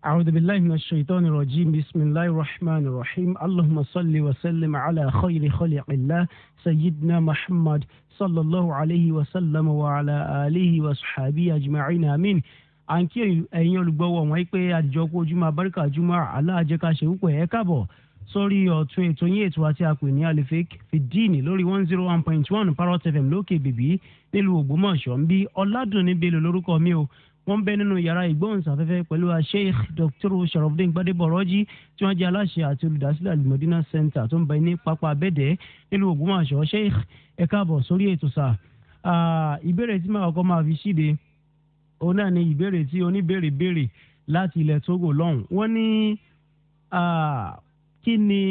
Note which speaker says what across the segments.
Speaker 1: أعوذ بالله من الشيطان الرجيم بسم الله الرحمن الرحيم اللهم صل وسلم على خير خلق الله سيدنا محمد صلى الله عليه وسلم وعلى آله وصحبه أجمعين آمين à ń kí ẹ̀yin olùgbọ́wọ́ wọn pé àdìjọ́kú ojúmọ́ abáríkà jùmọ́ aláàjẹká ṣe wúpọ̀ ẹ̀ káàbọ̀ sórí ọ̀tún ètò yín ètò àti àpè ní alifek fìdíìnì lórí one zero one point one parrot fm lókè bèbí nílùú ògbómọ̀ṣọ́ ń bí ọ̀làdùnní bello lórúkọ mi o wọ́n bẹ nínú yàrá ìgbóhùnsáfẹ́fẹ́ pẹ̀lú sheikh dr sharafdin gbadebọ̀rọ́jì tí wọ́n jẹ́ aláṣẹ àti olùdásílẹ̀ alimọ̀dínà center tó ń bẹ ní pápá abẹ́dẹ́ nílùú ògbómọ̀ṣọ́ sheikh ẹ káàbọ̀ sórí ètò sà ìbéèrè tí màá kọ́ máa fi ṣíde òun náà ni ìbéèrè tí oníbèrè béèrè láti ilẹ̀ togo lọ́hùn wọ́n ní kí ni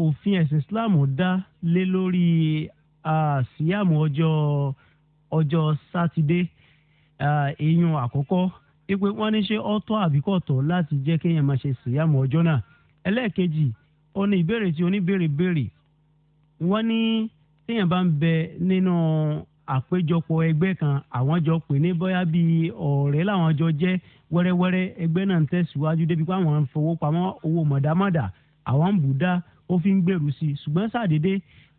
Speaker 1: òfin ẹ̀sìn islam dá lé lórí síyàmù ọjọ́ ọjọ́ sátidé eyín àkọ́kọ́ wípé wọ́n ní ṣé ọ̀tọ̀ àbíkọ̀tọ̀ láti jẹ́ kéèyàn máa ṣe síyàmù ọjọ́ náà ẹlẹ́ẹ̀kejì ó ní ìbéèrè tí oníbèrè béèrè wọ́n ní téèyàn bá ń bẹ nínú àpéjọpọ̀ ẹgbẹ́ kan àwọn jọ pè ní bóyá bíi ọ̀rẹ́ làwọn jọ jẹ́ wẹ́rẹ́wẹ́rẹ́ ẹgbẹ́ náà ń tẹ̀síwájú débi pé àwọn fowó pamọ́ owó mọ̀dámọ̀dá àwọn ń bù dá ó fi ń gbèrú sí i ṣùgbọ́n ṣàdédé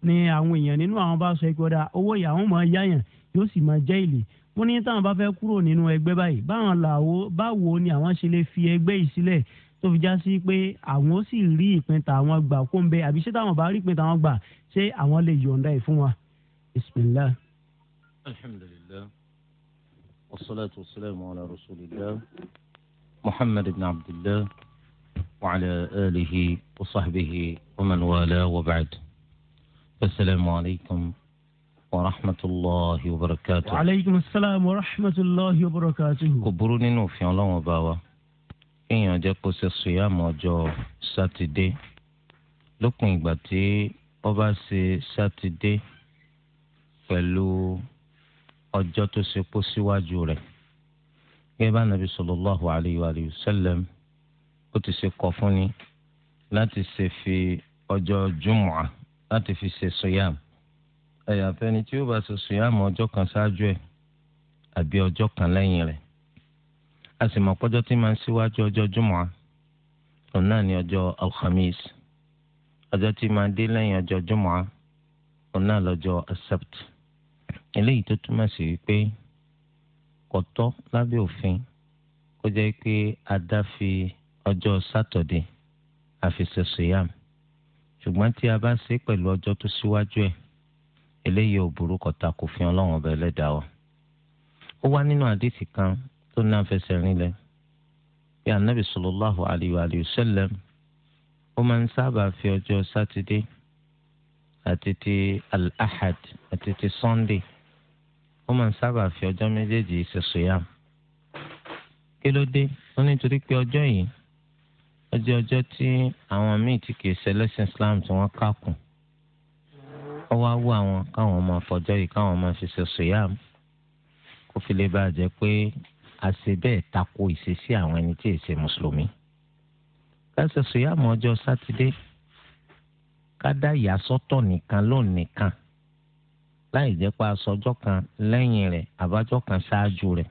Speaker 1: ni àwọn èèyàn nínú àwọn bá sọ ẹgbẹ́ ọ̀dà owó ìyá máa yáyàn yóò sì máa jẹ́ ìlè wọ́n ní táwọn bá fẹ́ kúrò nínú ẹgbẹ́ báyìí báwọn làwọ báwo ni àwọn ṣe lè fi ẹgbẹ́ yìí sílẹ̀ tó fi já sí pé àwọn ó sì rí ìpín tàwọn gbà kó ń bẹ àbí ṣé táwọn bá rí ìpín tàwọn gbà ṣé àwọn lè yọ̀ǹda ẹ̀ fún wa. bismillah.
Speaker 2: ibn abdillah wa alihi wa sahbihi wa man wa ba'd. asalaamu alaykum. ورحمة الله وبركاته وعليكم
Speaker 1: السلام ورحمة الله وبركاته كبروا
Speaker 2: نينو في الله وباوا إن يجاكو سيصيام وجو ساتدي لكم إقباتي وباسي ساتدي pẹ̀lú ọjọ́ tó ṣe kó síwájú rẹ̀ gẹ́gẹ́ bá nàbí sallallahu alayhi wa sallam ó ti ṣe kọ́ fún ni ẹ̀yàfẹ́ ni tí ó bá ṣe sùyàmù ọjọ́ kan ṣáájú ẹ̀ àbí ọjọ́ kan lẹ́yìn rẹ̀ a sì mọ̀ pọ́jọ́ tí máa ń síwájú ọjọ́ jùmọ̀á òun náà ni ọjọ́ alhamis ọjọ́ tí máa dé lẹ́yìn ọjọ́ jùmọ̀á òun náà lọ́jọ́ accept eléyìí tó túmọ̀ sí wípé kò tọ́ lábẹ́ òfin kó jẹ́ pé adá fi ọjọ́ sátọ̀dé àfi ṣe sùyàmù ṣùgbọ́n tí a bá ṣe pẹ̀lú ọjọ́ tó síwájú ẹ̀ eléyìí ò burúkọ ta kò fi ọlọ́run ọba ẹlẹ́dàá wa. ó wá nínú àdìsí kan tó ní àfẹsẹ̀ rinlẹ̀ bí anabi sallallahu alayhi wa sallam ó máa ń sábà fi ọjọ́ sátidé àti ti al-ahad àti ti sunday ó máa ń sábà fi ọjọ́ méjèèjì ṣe sùyàm. kí ló dé ó nítorí pé ọjọ́ yìí ọjọ́ ọjọ́ tí àwọn míì tí kìí ṣẹlẹ́sìn islam tí wọ́n kà kọ́ wá wú àwọn káwọn máa fọjọ́ yìí káwọn máa ṣiṣẹ́ sòyàm kó fi lè bá jẹ́ pé àṣe bẹ́ẹ̀ tako ìṣesí àwọn ẹni tí èsè mùsùlùmí. ká ṣe sòyàm ọjọ́ sátidé ká dá ìyàsọ́tọ̀ nìkan lónìí láì jẹ́ pé aṣọjọ́ kan lẹ́yìn rẹ̀ àbájọ́ kan ṣáájú rẹ̀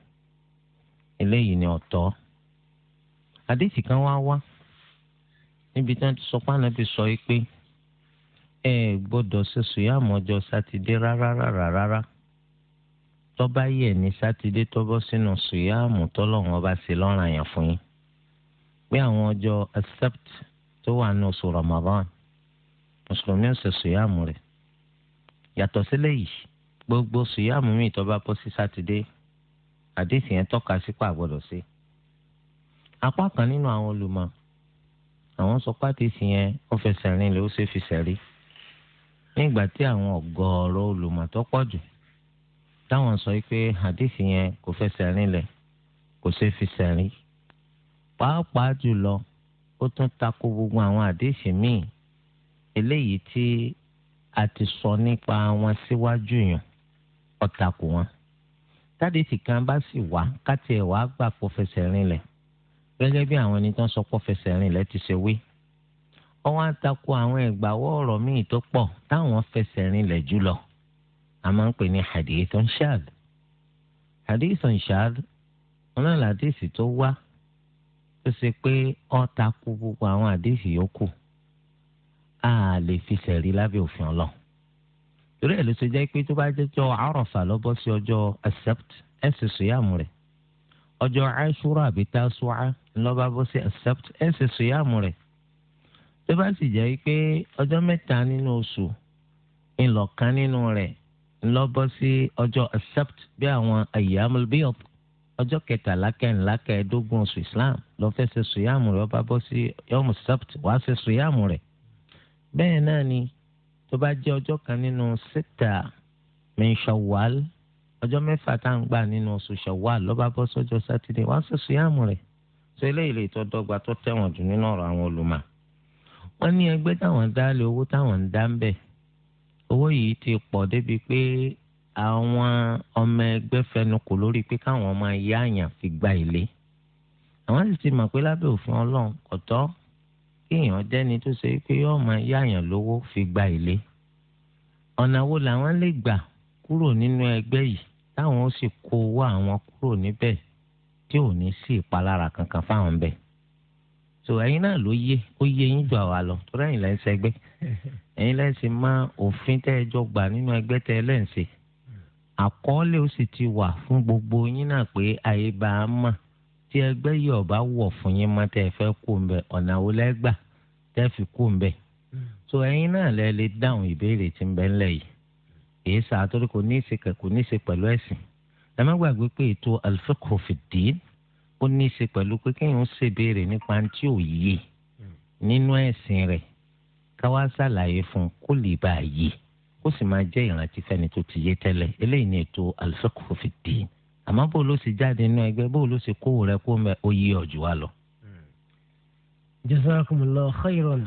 Speaker 2: eléyìí ni ọ̀tọ̀. àdéhìí kan wá wá níbi tí wọ́n ti sọ pé ànábì sọ yìí pé ẹ gbọ́dọ̀ ṣe sùyàmù ọjọ́ sátidé rárá rárá rárá tọ́ba yẹ ní sátidé tọ́bọ́ sínú sùyàmù tọ́lọ́run ọba ṣe lọ́ràn yàn fún yín pé àwọn ọjọ́ accept tó wà ní oṣù Ramadan mùsùlùmí ọ̀sẹ̀ sùyàmù rẹ̀ yàtọ̀ sílẹ̀ yìí gbogbo sùyàmù mi tọ́ba bọ́ sí sátidé àdéhìí yẹn tọ́ka sípò àgbọ̀dọ̀ sí apá kan nínú àwọn olùmọ̀ àwọn sọ pé yẹn ó fẹsẹ̀ rìn lè ó ṣe fi sẹ̀rí nígbà tí àwọn ọ̀gọ̀ọ̀rọ̀ olùmọ̀tọ́ pọ̀ jù táwọn sọ pé hadith yẹn kò fẹsẹ̀ rinlẹ̀ kò ṣeé fi sẹ̀rí pàápàá jùlọ ó tún tako gbogbo àwọn hadith míì eléyìí tí a ti sọ nípa wọn síwájú yàn ó tako wọn tádìsì kan bá sì wá káti ẹ̀ wá gbà pọ̀ fẹsẹ̀ rinlẹ̀ bí àwọn ẹni tó ń sọ pọ̀ fẹsẹ̀ ti ṣe wí wọ́n wá takò àwọn ẹ̀gbàwọ́ ọ̀rọ̀ míì tó pọ̀ táwọn fẹsẹ̀ rinlẹ̀ jùlọ a máa ń pè ní hadithun shad hadithun shad wọn náà làdíìsì tó wá tó ṣe pé ó takò gbogbo àwọn àdíìsì yòókù a lè fi sẹ̀rí lábẹ́ òfin ọlọ́ torí ẹ̀ ló ṣe jẹ́ pé tó bá jẹ́jọ́ àròfà lọ́bọ́ sí ọjọ́ accept ẹ̀ sì sùyàmù rẹ̀ ọjọ́ àṣúrà àbí tásùá ńlọ́ba bọ́ sí accept ẹ̀ sì sùyàmù rẹ̀ tó bá sì jẹ́ pé ọjọ́ mẹ́ta nínú oṣù ńlọ̀kan nínú rẹ̀ ńlọ bọ́ sí ọjọ́ accept bí àwọn ayyamul biyad ọjọ́ kẹtàlá kẹrìnlá kẹẹ̀ẹ́dógún oṣù islam lọ fẹ́ ṣe sùyàmù rẹ̀ ọba bọ́ sí yom accept wàá ṣe sùyàmù rẹ̀ bẹ́ẹ̀ náà ni tó bá jẹ́ ọjọ́ kan nínú sita min shawwal ọjọ́ mẹ́fà tá à ń gbà nínú oṣù shawwal lọ́ba bọ́ sọ́jọ́ sátidé wàá ṣe sùyàmù rẹ̀ ṣe eléyìí lè tọ́ dọ́gba tó tẹ̀wọ̀n jù nínú ọ̀rọ̀ àwọn olùmọ̀ọ́ wọ́n ní ẹgbẹ́ táwọn dá lé owó táwọn ń dá ń bẹ̀ owó yìí ti pọ̀ débi pé àwọn ọmọ ẹgbẹ́ fẹnukò lórí pé káwọn máa yá àyàn fi gba ilé àwọn sì ti mọ̀ pé lábẹ́ òfin ọlọ́run kò tọ́ kéèyàn jẹ́ni tó ṣe pé yóò máa yá àyàn lówó fi gba ilé ọ̀nà wo làwọn lè gbà kúrò nínú ẹgbẹ́ yìí táwọn ó sì kó owó àwọn kúrò níbẹ̀ tí ò ní sí ìpalára kankan fáwọn bẹ́ẹ̀ so ẹ̀yin náà ló yé ó yé yín jù àwa lọ tó rẹ́yìn lẹ́ ń ṣẹgbẹ́ ẹ̀yin lẹ́ ń ṣe má òfin tẹ́ ẹ jọ gbà nínú ẹgbẹ́ tẹ́ ẹ lẹ́ ń ṣe àkọọ́lẹ̀ ó sì ti wà fún gbogbo yín náà pé àyè bá a mọ̀ tí ẹgbẹ́ yìí ọ̀bá wọ̀ fún yín mọ́ tẹ́ ẹ fẹ́ kú ń bẹ̀ ọ̀nà wo lẹ́ gbà tẹ́ fi kú ń bẹ̀ so ẹ̀yin náà lẹ́ lè dáhùn ìbéèrè tí ń bẹ ńlẹ̀ yìí èyí sàá torí kò ní í ṣe pẹ̀lú ẹ̀sìn ó ní í ṣe pẹ̀lú pé kéèyàn ṣèbéèrè nípa tí ò yé nínú ẹ̀sìn rẹ̀ káwá ṣàlàyé fún kó lè bá a yé kó sì máa jẹ́ ìrántí fẹ́ni tó ti yé tẹ́lẹ̀ eléyìí ni ètò al-fiqhu fi din àmọ́ bó ló ṣe jáde nínú ẹgbẹ́ bó ló ṣe kówó rẹ kó mẹ yí ọ̀jù wa lọ.
Speaker 1: jazakumullahu khairan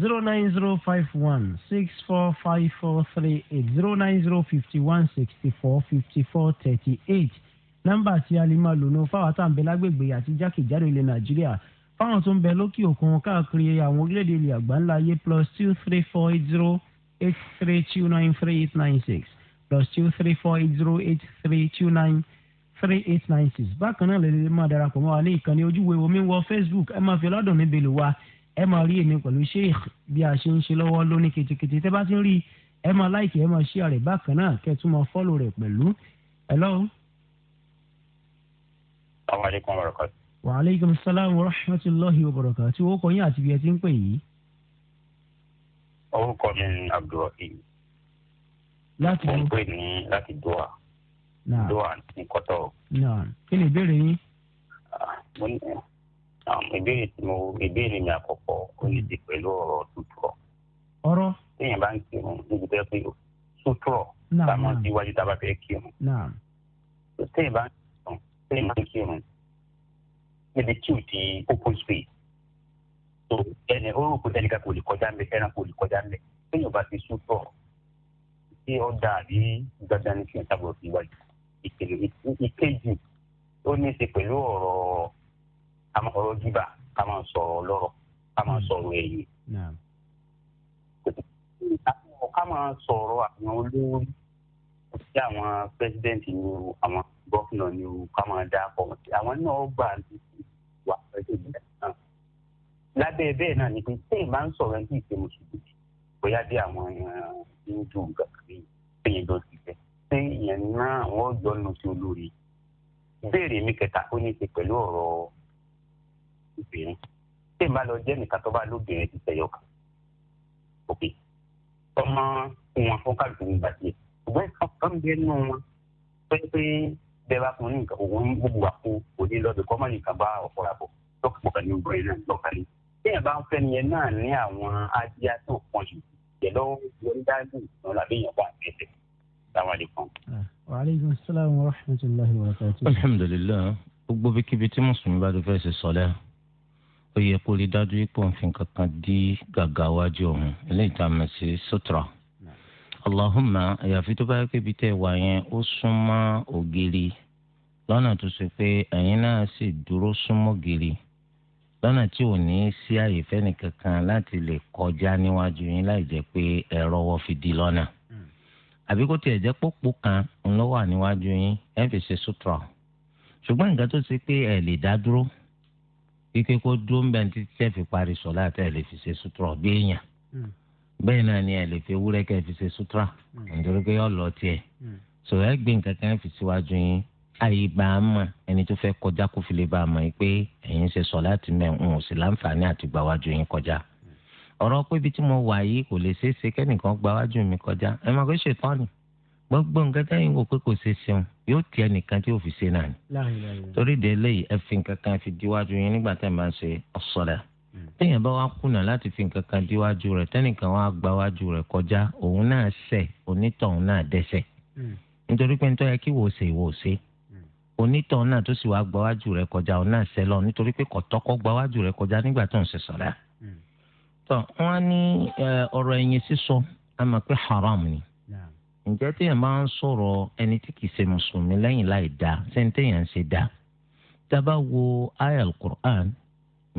Speaker 1: zero nine zero five one six four five four three eight zero nine zero fifty one sixty four fifty four thirty eight nọ́mbà tí a lè máa lò nù fáwọn tá à ń bẹ lágbègbè àti jákèjádò ilẹ̀ nàìjíríà fáwọn tó ń bẹ lókè òkun káàkiri àwọn orílẹ̀-èdè ilẹ̀ àgbáńlá ayé plus two three four eight zero eight three two nine three eight nine six plus two three four eight zero eight three two nine three eight nine six bákan náà lè lè máa darapọ̀ mọ́ wa ní ìkànnì ojúwe omi wọ facebook ẹ máa fi ọlọ́dún níbi lò wá ẹ máa rí èmi pẹ̀lú sheikh bí a ṣe ń ṣe lọ́wọ́ lóní kìtìkìtì tẹ́ bá ti rí ẹ máa láìkì ẹ máa ṣí àrẹ̀ bákan náà kẹ́ tún máa fọ́lò rẹ̀ pẹ̀lú hello.
Speaker 3: Assalamu alaikum wa barakatuh.
Speaker 1: Wa alaikum salam wa rahmatullahi wa barakatuh. tí ó kọ yín àti bí ẹ ti ń pè yìí.
Speaker 3: orúkọ mi ni Abdulrahim. láti mo ń pè ní láti Doha. Doha ní kọ́tọ̀.
Speaker 1: kí ni ìbéèrè yín.
Speaker 3: Ah, mo ní ìbéèrè tí mo ìbéèrè mi àkọ́kọ́ ó ní ti pẹ̀lú ọ̀rọ̀ tuntun. ọ̀rọ̀. téèyàn bá ń kírun níbi tẹ́ pé sutura. táwọn ti wájú tá fẹ́ kírun. téèyàn bá ń kírun pé máa ń kírun níbi tí ò di open space tó ẹni ó rò pé ẹnìkan kò lè kọjá ń bẹ ẹranko kò lè kọjá ń bẹ téèyàn bá ti sún tọ̀ tí ó dà bí dandan ní kí n sábà fi wájú ìkèlè ìkejì ó ní í ṣe pẹ̀lú ọ̀rọ̀ ọ̀rọ̀ jíbà ká máa sọ̀rọ̀ ọlọ́rọ̀ ká máa sọ̀rọ̀ ẹ̀yìn ká máa sọ̀rọ̀ àwọn olórí tí àwọn pẹ́sidẹ́ǹtì ni o àwọn gọ́fìnà ni o ká máa dá pọ̀ àwọn náà gbà wà pẹ̀lú ìgbà náà lábẹ́ bẹ́ẹ̀ náà ni pé téè máa ń sọ̀rọ̀ ẹni tí ì ṣe mùsùlùmí bóyá bí àwọn eh, hindu gàkiri péye lọ sí fẹ́ pé ìyẹn náà wọ́n jọ lọ sí olórí béèrè mi kẹta ó ní í ṣe pẹ̀lú ọ̀rọ̀ obìnrin téè máa lọ jẹ́ nìkan tó bá lóbìnrin ti tẹ̀yọ̀ kan òkè ọmọ wọn fún kálukú nígbà díẹ̀ ṣùgbọ́n ìkankan bẹ nù wọn pé pé bẹ́ẹ̀ bá fún ní nǹkan òun gbogbo wa kó o ní lọ́dọ̀ kọ́ mọ́ nìkan bá ọ̀pọ̀ rà bọ̀ lọ́kùnkùn kan ní gbọ́ iná lọ́kàlẹ̀. bẹ́ẹ̀ bá ń fẹ́ nìyẹn náà ní àwọn ádíá tó pọ̀ jù yẹ lọ́wọ́ yọrí dájú ìtàn làbí yẹn wà tẹ̀tẹ̀.
Speaker 1: wa aleykum salaam wa rahmatulahi
Speaker 4: wa barakatuh.
Speaker 2: alhamdulilayi gbogbo bíkíbi tí mùsùlùmí bá ti fẹ́ ṣe sọ́lá ó yẹ kó rí dájú pé òun fi nǹkan gàgà wájú òun eléyìí tá a mọ̀ sí sutura Allahumma àyàfi tó bá yẹ kébi tẹ́ wà yẹn ó súnmọ́ ògiri lọ́nà tó ṣe pé ẹ̀yin náà sì dúró súnmọ́ ògiri lọ́nà tí ò ní sí àyè fẹ́nìkankan láti lè kọjá níwájú yín láì jẹ́ pé ẹ̀rọ wọ́n fi di lọ́nà hmm. àbí kó tiẹ̀ jẹ́ pópó kan ńlọ wà níwájú yín ẹ̀ fi ṣe sutura ṣùgbọ́n nǹkan tó ṣe pé ẹ̀ lè dá dúró kíkẹ́ kó dúró ń bẹ̀ títí tẹ́ fi parí sọ̀lá tẹ́ lè fi ṣe sutura bí èèyàn hmm bẹ́ẹ̀ náà ni ẹ lè fi ewúrẹ́ kẹ́ ẹ fi ṣe sutura hmm. nítorí pé yọ lọ tiẹ̀ hmm. sọ ẹ gbé nǹkan kan fi síwájú yín àyè bá a mọ̀ ẹni tó fẹ́ kọjá kó fi lè bá a mọ̀ pé ẹ̀yin ṣe sọ láti mẹ́ ń ò sí láǹfààní àti gbàwájú yín kọjá ọ̀rọ̀ pé ibi tí mo wà yìí kò lè ṣeé ṣe kẹ́nìkan gbàwájú mi kọjá ẹ máa kó ṣètọ́ ni gbogbo nǹkan tẹ́yìn wò pé kò ṣe ṣeun yóò ti ẹnìkan tí yóò fi ṣe náà ni torí délé yìí ẹ fi nǹkan kan fi díwájú yín nígbà tẹ́ ẹ máa ń ṣe ọ̀sọ̀rẹ́ Mm. téèyàn bá wá kùnà láti fi nǹkan kan díwájú rẹ̀ tẹ́nìkan wá gba wájú rẹ̀ kọjá òun náà ṣẹ̀ onítọ̀hún náà dẹ́ṣẹ̀ mm. nítorí pé nítorí kí wò ó ṣe ìwò ṣe mm. onítọ̀hún náà tó sì wá gba wájú rẹ̀ kọjá òun náà ṣẹ̀ lọ nítorí pé kọ̀tọ́kọ́ gba wájú rẹ̀ kọjá nígbà tó ń ṣe sọ̀rọ̀ à. tó wọn ní ọ̀rọ̀ ẹ̀yìn sísọ a mọ̀ pé haram ni ǹjẹ́ téèyàn bá ń sọ̀rọ̀ ẹni tí kì í ṣe mùsùlùmí lẹ́yìn láì dáa ṣé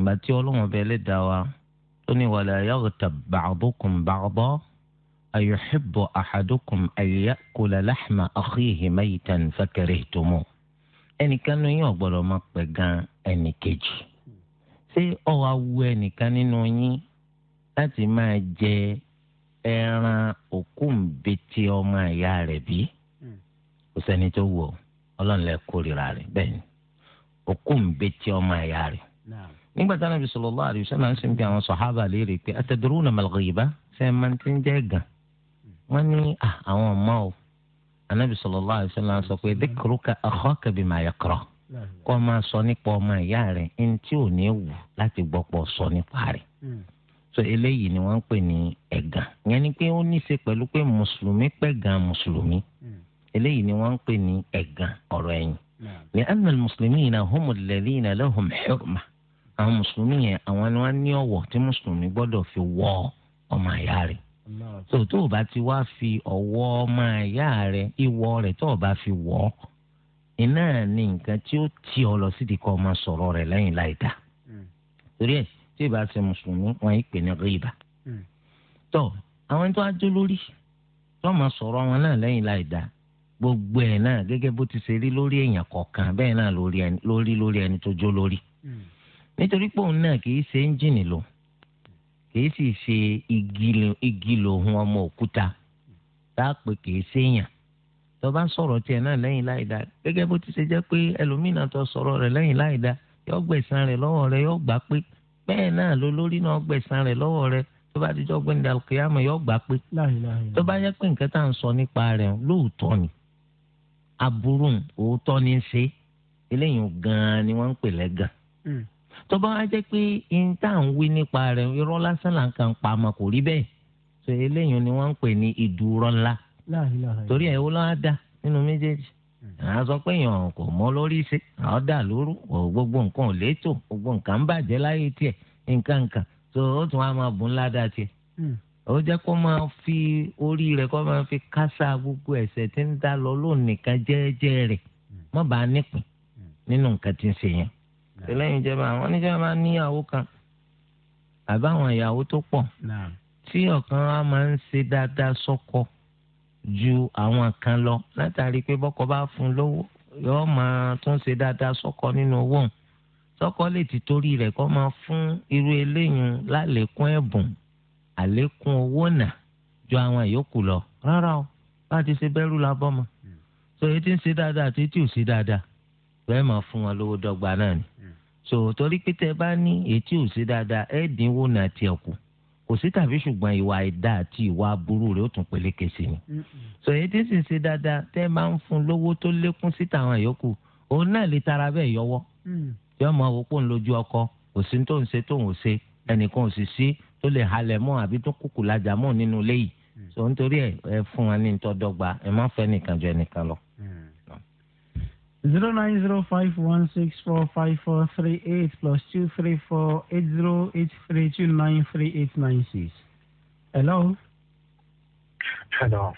Speaker 2: ìgbà tí ọlọ́run ọba ẹlẹ́dàá wa tó ní wala yaghtab ba'dukum ba'da ayuhibbu ahadukum an ya'kula lahma akhihi maytan fakarihtumuh ẹnìkan nínú yín ò gbọ́dọ̀ máa pẹ̀gàn ẹnìkejì ṣé ó wá wù ẹnìkan nínú yín láti máa jẹ ẹran òkú ńbẹtẹ ọmọ ìyá rẹ̀ bí kò sẹ́ni tó wù ọ́ ọlọ́run lè kórìíra rẹ̀ bẹ́ẹ̀ ni òkú ńbẹtẹ ọmọ ìyá rẹ̀. nígbà tí anábì sallallahu alaihi wasallam ń sìn bí àwọn sọ̀hábà léèrè pé atadruna mal ghiba ṣe máa ti ń jẹ́ gàn wọ́n ní àwọn ọmọ o anábì sallallahu alaihi wasallam sọ pé dhikruka akhaka bima yakra kọ́ máa sọ nípa ọmọ ìyá rẹ̀ ẹni tí ò ní wù láti gbọ́ pọ̀ sọ nípa rẹ̀ so eléyìí ni wọ́n ń pè ní ẹ̀gàn yẹn ni pé ó ní í ṣe pẹ̀lú pé mùsùlùmí pẹ̀gàn mùsùlùmí eléyìí ni wọ́n ń pè ní ẹ̀gàn ọ̀rọ̀ ẹ̀yìn li'anna al-muslimina humu alladhina lahum hurma àwọn mùsùlùmí yẹn àwọn ni wọ́n ní ọ̀wọ̀ tí mùsùlùmí gbọ́dọ̀ fi wọ ọmọ àyà rẹ̀ tó tó o bá ti wá fi ọ̀wọ̀ ọmọ àyà rẹ̀ ìwọ rẹ̀ tó o bá fi wọ̀ ọ́ iná ní nǹkan tí ó ti ọ lọ sídìí kọ́ ọmọ sọ̀rọ̀ rẹ̀ lẹ́yìn láì dá torí ẹ̀ tí ìbá ṣe mùsùlùmí wọn yìí pè ní ríbà tó àwọn tó ajó lórí tó ọmọ sọ̀rọ̀ wọn náà lẹ́yìn láì dá gbogbo ẹ̀ náà gẹ́gẹ́ bó ti ṣe rí lórí èèyàn kọ̀ọ̀kan bẹ́ẹ̀ náà lórí lórí ẹni tó jó lórí. nítorí pé òun náà kìí ṣe ẹ́ńjìnì lò kìí sì ṣe igi lòun ọmọ òkúta tá a pè kìí sọ̀rọ̀ tiẹ̀ náà lẹ́yìn láìda gẹ́gẹ́ bó ti ṣe jẹ́ pé ẹlòmínà tó sọ̀rọ̀ rẹ̀ lẹ́yìn láìda yọ gbẹ̀san rẹ̀ lọ́wọ́ rẹ̀ yọ gbà pé bẹ́ẹ̀ náà ló lórí náà gbẹ̀san rẹ̀ lọ́wọ́ rẹ̀ tó bá dijọ́ gbà pé tó yẹ pé nǹkan tá tó bá wá jẹ́ pé n tá à ń wí nípa rẹ̀ irọ́ lásán là ń kàn pa àmọ́ kò rí bẹ́ẹ̀ so eléyìí ni wọ́n ń pè ní ìdúró ńlá torí ẹ̀ wọ́n lọ́wọ́ dá nínú méjèèjì àá hmm. sọ pé èèyàn kò mọ lórí ṣe àwọn dà lóru gbogbo nǹkan ò létò gbogbo nǹkan ń bàjẹ́ láyé tiẹ̀ nǹkan nǹkan so ó tún wá máa bùn ládàá tiẹ̀ hmm. ó jẹ́ kó máa fi orí rẹ̀ kó máa fi kásá gbogbo ẹ̀ṣẹ̀ tí ń dá lọ lónìí kan jẹ́ẹ́jẹ́ rẹ̀ mọ́ bá a nípìn hmm. nínú nǹkan tí ń ṣe yẹn eléyìí ìjẹba àwọn oníjẹba máa níyàwó kan àbáwọn ìyàwó tó pọ̀ tí ọ̀kan wa máa ń ṣe dáadáa sọ́kọ ju àwọn kan lọ látàrí pé bọ́kọ bá fún un lówó yóò máa tún ṣe dáadáa sọ́kọ nínú owó òun sọ́kọ lè ti torí rẹ̀ kó máa fún irú eléyìí lálékún ẹ̀bùn àlékún owó nà ju àwọn ìyókù lọ rárá o bá ti ṣe bẹ́rù la bọ́ hmm. so etí ń ṣe dáadáa àti etí ò ṣe dáadáa bẹ́ẹ̀ máa fún wọn lówó dọ́gba náà ni so torí pé tẹ bá ní etí ò sí dáadáa ẹ dínwó náà tiẹ̀ kù kò sí tàbí ṣùgbọ́n ìwà ẹ̀dá àti ìwà aburú rẹ̀ ó tún peléke sí ni. so èyí tí sì ń ṣe dáadáa tẹ́ ẹ máa ń fún lówó tó lékún síta àwọn yòókù òun náà lè tara bẹ́ẹ̀ yọwọ́. Mm. yọ ọmọ òpó ń lójú ọkọ kò sí tó ń ṣe tó ń ṣe ẹnìkan ò sì sí tó lè halẹ̀ mọ́ àbí tó kúkú lajà mọ́ nínú ilé yìí. Mm. so nítorí ẹ fún wa ní ìtọ́dọ́gba ẹ má fẹ́ nìkan jọ ẹnìkan lọ. Mm
Speaker 1: zero nine zero five one six four five four three eight plus two three four eight zero eight three two nine three eight nine six. hello.
Speaker 3: hello.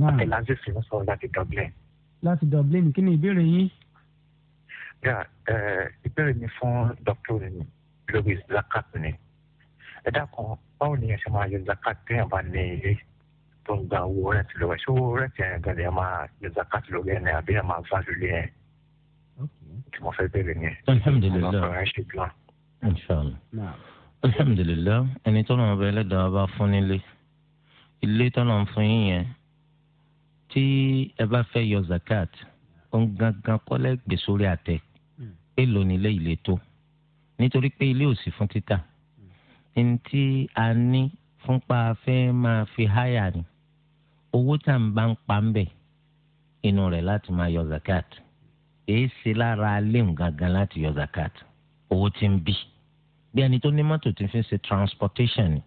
Speaker 3: náà elazi sinmi sọ̀rọ̀ láti dublin.
Speaker 1: láti dublin kí ni ìbéèrè
Speaker 3: yín. yà ìbéèrè mi fún dókítà Louis lórí zakat ni ẹ dákun báwo ni ẹ ṣe máa yọ zakat téèyàn bá ní ilé tó ń gba owó rẹ̀ ti lọ́wọ́ ṣé owó rẹ̀ ti yẹn gan-an yẹn máa yẹ zakati lórí ẹ̀ ní àbí ẹ̀ máa fà lórí ẹ̀ tí mo fẹ́ bẹ̀rẹ̀ yẹn.
Speaker 2: alhamdulilayi alhamdulilayi ẹni tọ́lọ́ ọba ẹlẹ́dàá bá fún nílé ilé tọ́lọ́ fún yín yẹn tí ẹ bá fẹ́ yọ zakat ó ń gangan kọ́lẹ́ gbé sórí àtẹ èèlò hmm. nílé ilé tó nítorí pé ilé ò sí fún títà hmm. ní a ní fúnpa fẹ́ máa fi háyà ni owó tá n bá ń pa ń bẹ̀ inú rẹ̀ láti máa yọ zakat èé ṣe lára aléhùn gangan láti yọ zakat owó tí ń bì bí ẹni tó ní mọ́tò ti fi ṣe transportation ni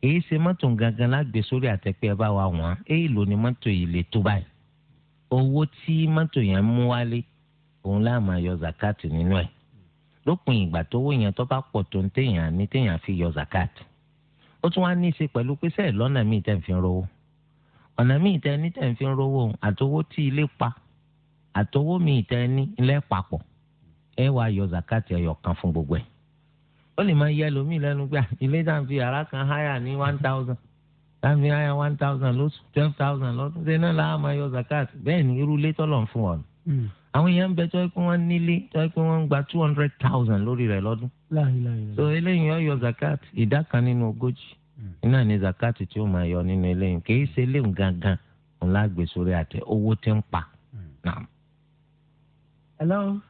Speaker 2: èyí ṣe mọ́tò gangan lágbè sórí àtẹ̀pẹ́ ẹ bá wa wọ́n èyí lò ní mọ́tò yìí lè tó báyìí owó tí mọ́tò yẹn mú wálé òun láà máa yọ zakat nínú ẹ̀ lópin ìgbà tówó yẹn tó bá pọ̀ tó ń téèyàn ní téèyàn fi yọ zakat ó tún wá ní í ṣe pẹ̀lú pé sẹ́ẹ̀ lọ́nà míì tẹ̀ ń fi rówó ọ̀nà míì tẹ ní tẹ̀ ń fi rówó òun àtowó tí ilé pa àtowó míì tẹ ní ilé papọ̀ ẹ wàá yọ zakati ẹyọ kan fún gbogbo ẹ̀ ó lè máa yẹ lómi lẹ́nu gbà ah, ilé tá à ń fi yàrá kan háyà ní one thousand tá à ń fi háyà one thousand lóṣù twelve thousand lọ́dún ṣe náà làá máa yọ zakati bẹ́ẹ̀ ni irú ilé tọ́lọ̀ ń fún ọ hmm. àwọn èèyàn ń bẹ tó yẹ kí nílé tó yẹ kí gba two hundred thousand lórí rẹ̀ lọ́dún so eléyìí ó yọ zakati ìdá kan nínú ogójì iná ní zakati tí ó máa yọ nínú eléyìí kì í ṣe eléyìí gangan òun lágbè sórí àtẹ owó tí ń pa. Hmm.
Speaker 1: hello.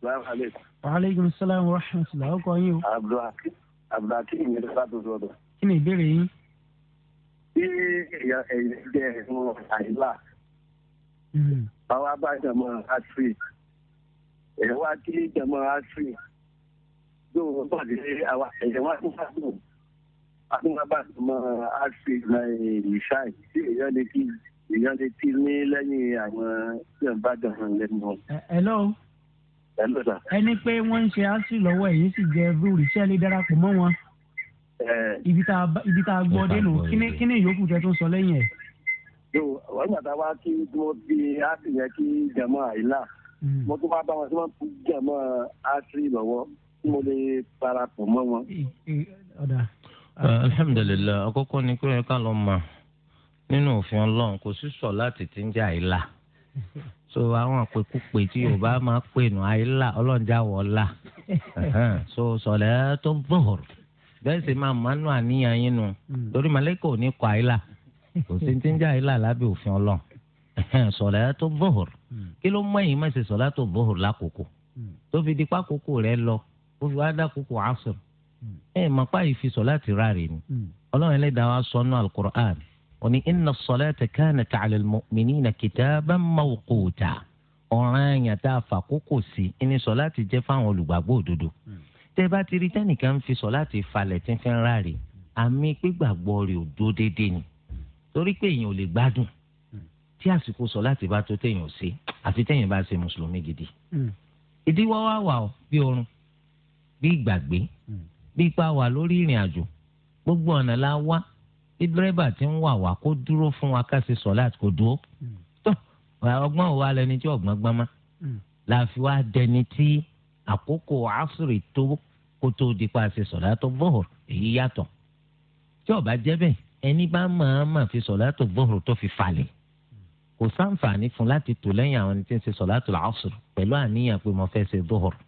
Speaker 5: salaamu aleykum.
Speaker 1: wa aleykum salaam wa rahmatulah ọkọ
Speaker 5: yín o. abdulhakeem abdulhakeem yẹn ló bá tó sọdọ.
Speaker 1: kí ni ìbéèrè yín.
Speaker 5: bí ẹ̀yà ẹ̀yìn jẹ́ ẹ̀fọn àyílá hmm. àwọn abájọmọ àtúrì ẹ̀wá kí jọmọ àtúrì yóò wọ́n bọ̀ dé àwọn tó bá dùn adúmọ̀bá tó máa á ṣe ìṣáì tí èèyàn lè fi èèyàn lè fi ní lẹ́yìn àwọn tí wọ́n bá dàn lẹ́nu. hello. hello sir.
Speaker 1: ẹni pé wọ́n ń ṣe àṣì lọ́wọ́ èyí sì jẹ́ rúurì ṣẹ́ lè darapọ̀ mọ́ wọn. ibi tá a gbọ́ dé nù kí ni ìyókù tẹ tó ń sọ lẹ́yìn ẹ̀.
Speaker 5: yóò wọ́n gbàdá wá kí mo fi àṣì yẹn kí jẹ̀mọ́ àìlà hmm. mo tún bá bá wọn tí wọ́n jẹ̀mọ́ àṣì lọ́wọ́ tí mo lè parapọ̀ mọ́ wọn
Speaker 2: alhamdulilayi àkọ́kọ́ ni pé ká lọ mọ̀ nínú òfin Ọlọ́run kò sí sọ láti ti ń jẹ àìlà so àwọn àpèkúpè tí yorùbá máa pè nù àìlà ọlọ́njà wọ̀ọ́lá so sọlẹ̀ tó gbọ̀hùr bẹ́ẹ̀ sì máa mánú àníyàn yín nu lórí malẹ́kọ̀ ò ní kọ àìlà kò sí ti ń jẹ àìlà lábẹ́ òfin Ọlọ́run sọlẹ̀ tó gbọ̀hùr kí ló mọ èyí má ṣe sọlẹ̀ tó gbọ̀hùr lákòókò hmm. tó fi di pákòókò rẹ lọ ó fi wá dákòókò àṣùr ẹ mọ̀ pa ìfi sọ̀láàtì ráre ni hmm. ọlọ́run ẹlẹ́dàá wa sọ nù alukur'an ó ní inna sọ̀láàtì kanat ala al-mu'minina kitaban mawquta ọ̀ràn àyàn tá a fà kókò sí ẹni sọ̀láàtì jẹ́ fáwọn olùgbàgbọ́ òdodo hmm. tẹ́ bá ti rí tẹ́nìkan ń fi sọ̀láàtì falẹ̀ tí ń fi ń ráre àmì pígbàgbọ́ rẹ̀ ò dó déédéé ni torí pé èèyàn ò lè gbádùn hmm. tí àsìkò sọ̀láàtì bá tó téèyàn ò ṣe àfi téèyàn bá ṣe mùsùlùmí gidi ìdíwọ́ wá wà ó bí oorun bí ìgbàgbé bí pa wà lórí ìrìn àjò gbogbo ọ̀nà la wá bí dírẹ́bà ti ń wà wá kó dúró fún wa ká ṣe sọ̀láàtì kó dúró hmm. tó ọgbọ́n wa lẹni tí ọ̀gbọ́n gbọ́n má hmm. la fi wá dẹni tí àkókò àṣírí tó kó tó di pa ṣe sọ̀láàtì bọ́ọ̀rù èyí yàtọ̀ tí ó bá jẹ́ bẹ́ẹ̀ ẹni bá máa máa fi sọ̀láàtì bọ́ọ̀rù tó fi falẹ̀ hmm. kò sáǹfààní fún láti tò lẹ́yìn àwọn tí ń ṣe sọ̀láàtì àṣírí pẹ̀lú àníyàn pé mo fẹ́ ṣe bọ́ọ̀rù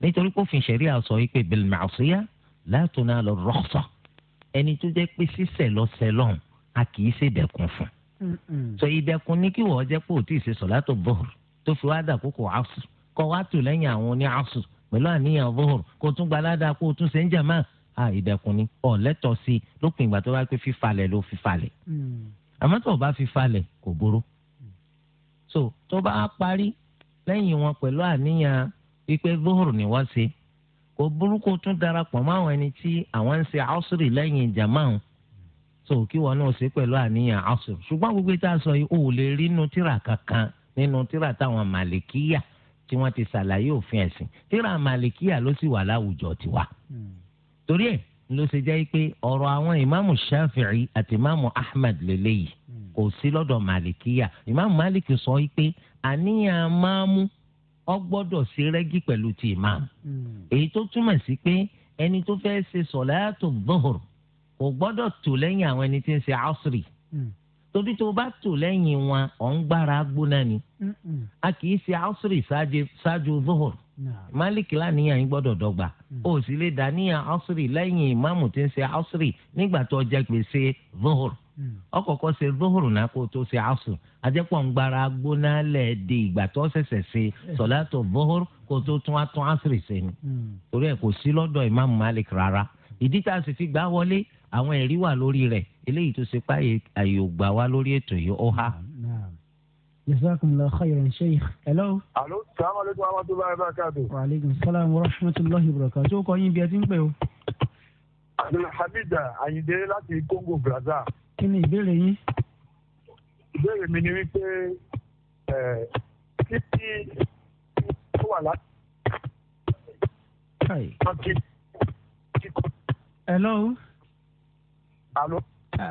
Speaker 2: nítorí kófin ṣẹ̀ríà sọ wípé bil ma'siyah látúná lọ rọ́ọ̀sọ̀ ẹni tó jẹ́ pé sísẹ̀ lọ sẹlọ̀n a kì í ṣe ìdẹ̀kùn fún sọ ìdẹ̀kùn ní kí wọ́n jẹ́ pé ò tí ì ṣe sọ̀látò bọ́ọ̀r tó fi wá dà kókò àṣù kọ́ wá tù lẹ́yìn àwọn oní àṣù pẹ̀lú àníyàn bọ́ọ̀r kó tún gbalada kó tún ṣe ń jàmá a ìdẹ̀kùn ni ọ̀ lẹ́tọ̀ọ́ sí lópin ìgbà tó bá pé fífalẹ̀ ló fífalẹ̀ mm. àmọ́ tó bá fífalẹ̀ kò burú so tó bá parí lẹ́yìn wọn pẹ̀lú àníyàn wípé bọ́ọ̀r ni wọ́n ṣe kò burúkú tún darapọ̀ mọ́ àwọn ẹni tí àwọn ń ṣe àọ́sùrì lẹ́yìn jàmáà so kí wọn náà ṣe pẹ̀lú àníyàn àṣọ ṣùgbọ́n gbogbo tá a sọ yìí o ò lè rí inú tíra kankan nínú tíra táwọn màlìkíyà tí wọ́n ti ṣàlàyé òfin ẹ̀sìn tíra màlìkíyà ló sì wà láwùjọ tiwa. torí ẹ̀ ló ṣe jẹ́ pé ọ̀rọ̀ àwọn ìmáàmù Shafi'i àti ìmáàmù Ahmad lélẹ́yìí kò sí lọ́dọ̀ màlìkíyà ìmáàmù Malik sọ pé àníyàn máàmù ọ gbọdọ sịrịgị rẹ́gí pẹ̀lú ti imam hmm. èyí tó túmọ̀ sí pé ẹni tó fẹ́ ṣe tó dọ́hùr kò gbọdọ tò lẹ́yìn àwọn ẹni tí ń ṣe ásírì hmm. torí tó bá tò lẹ́yìn wọn ọ ń gbára gbóná ni hmm, a kì í ṣe ásírì ṣáájú láníyàn yín sì lè ásírì ìmáàmù tí ń ṣe ásírì nígbà tó ọkọ̀ọ̀kọ̀ ṣe zohoro náà kó tó ṣe asùn ajẹ́pọ̀ ń gbára gbóná lẹ̀ de ìgbà tó ṣẹ̀ṣẹ̀ ṣe sọ̀látò zohoro kó tó tún á tún asìrì ṣe ni hmm. torí ẹ̀ kò sí lọ́dọ̀ ìmáàmù Malik rárá ìdí tá a sì fi gbá wọlé àwọn ẹ̀rí wà lórí rẹ̀ eléyìí tó ṣe páyé àyè ògbà wá lórí ètò yìí ó há. Hmm.
Speaker 1: jazakumullahu khairan sheikh hello.
Speaker 6: alo salaam aleykum wa o kọ yín bí kí
Speaker 1: ni ìbéèrè
Speaker 5: yín. ìbéèrè mi ni wípé títí tó wà láti.
Speaker 1: hello. alo.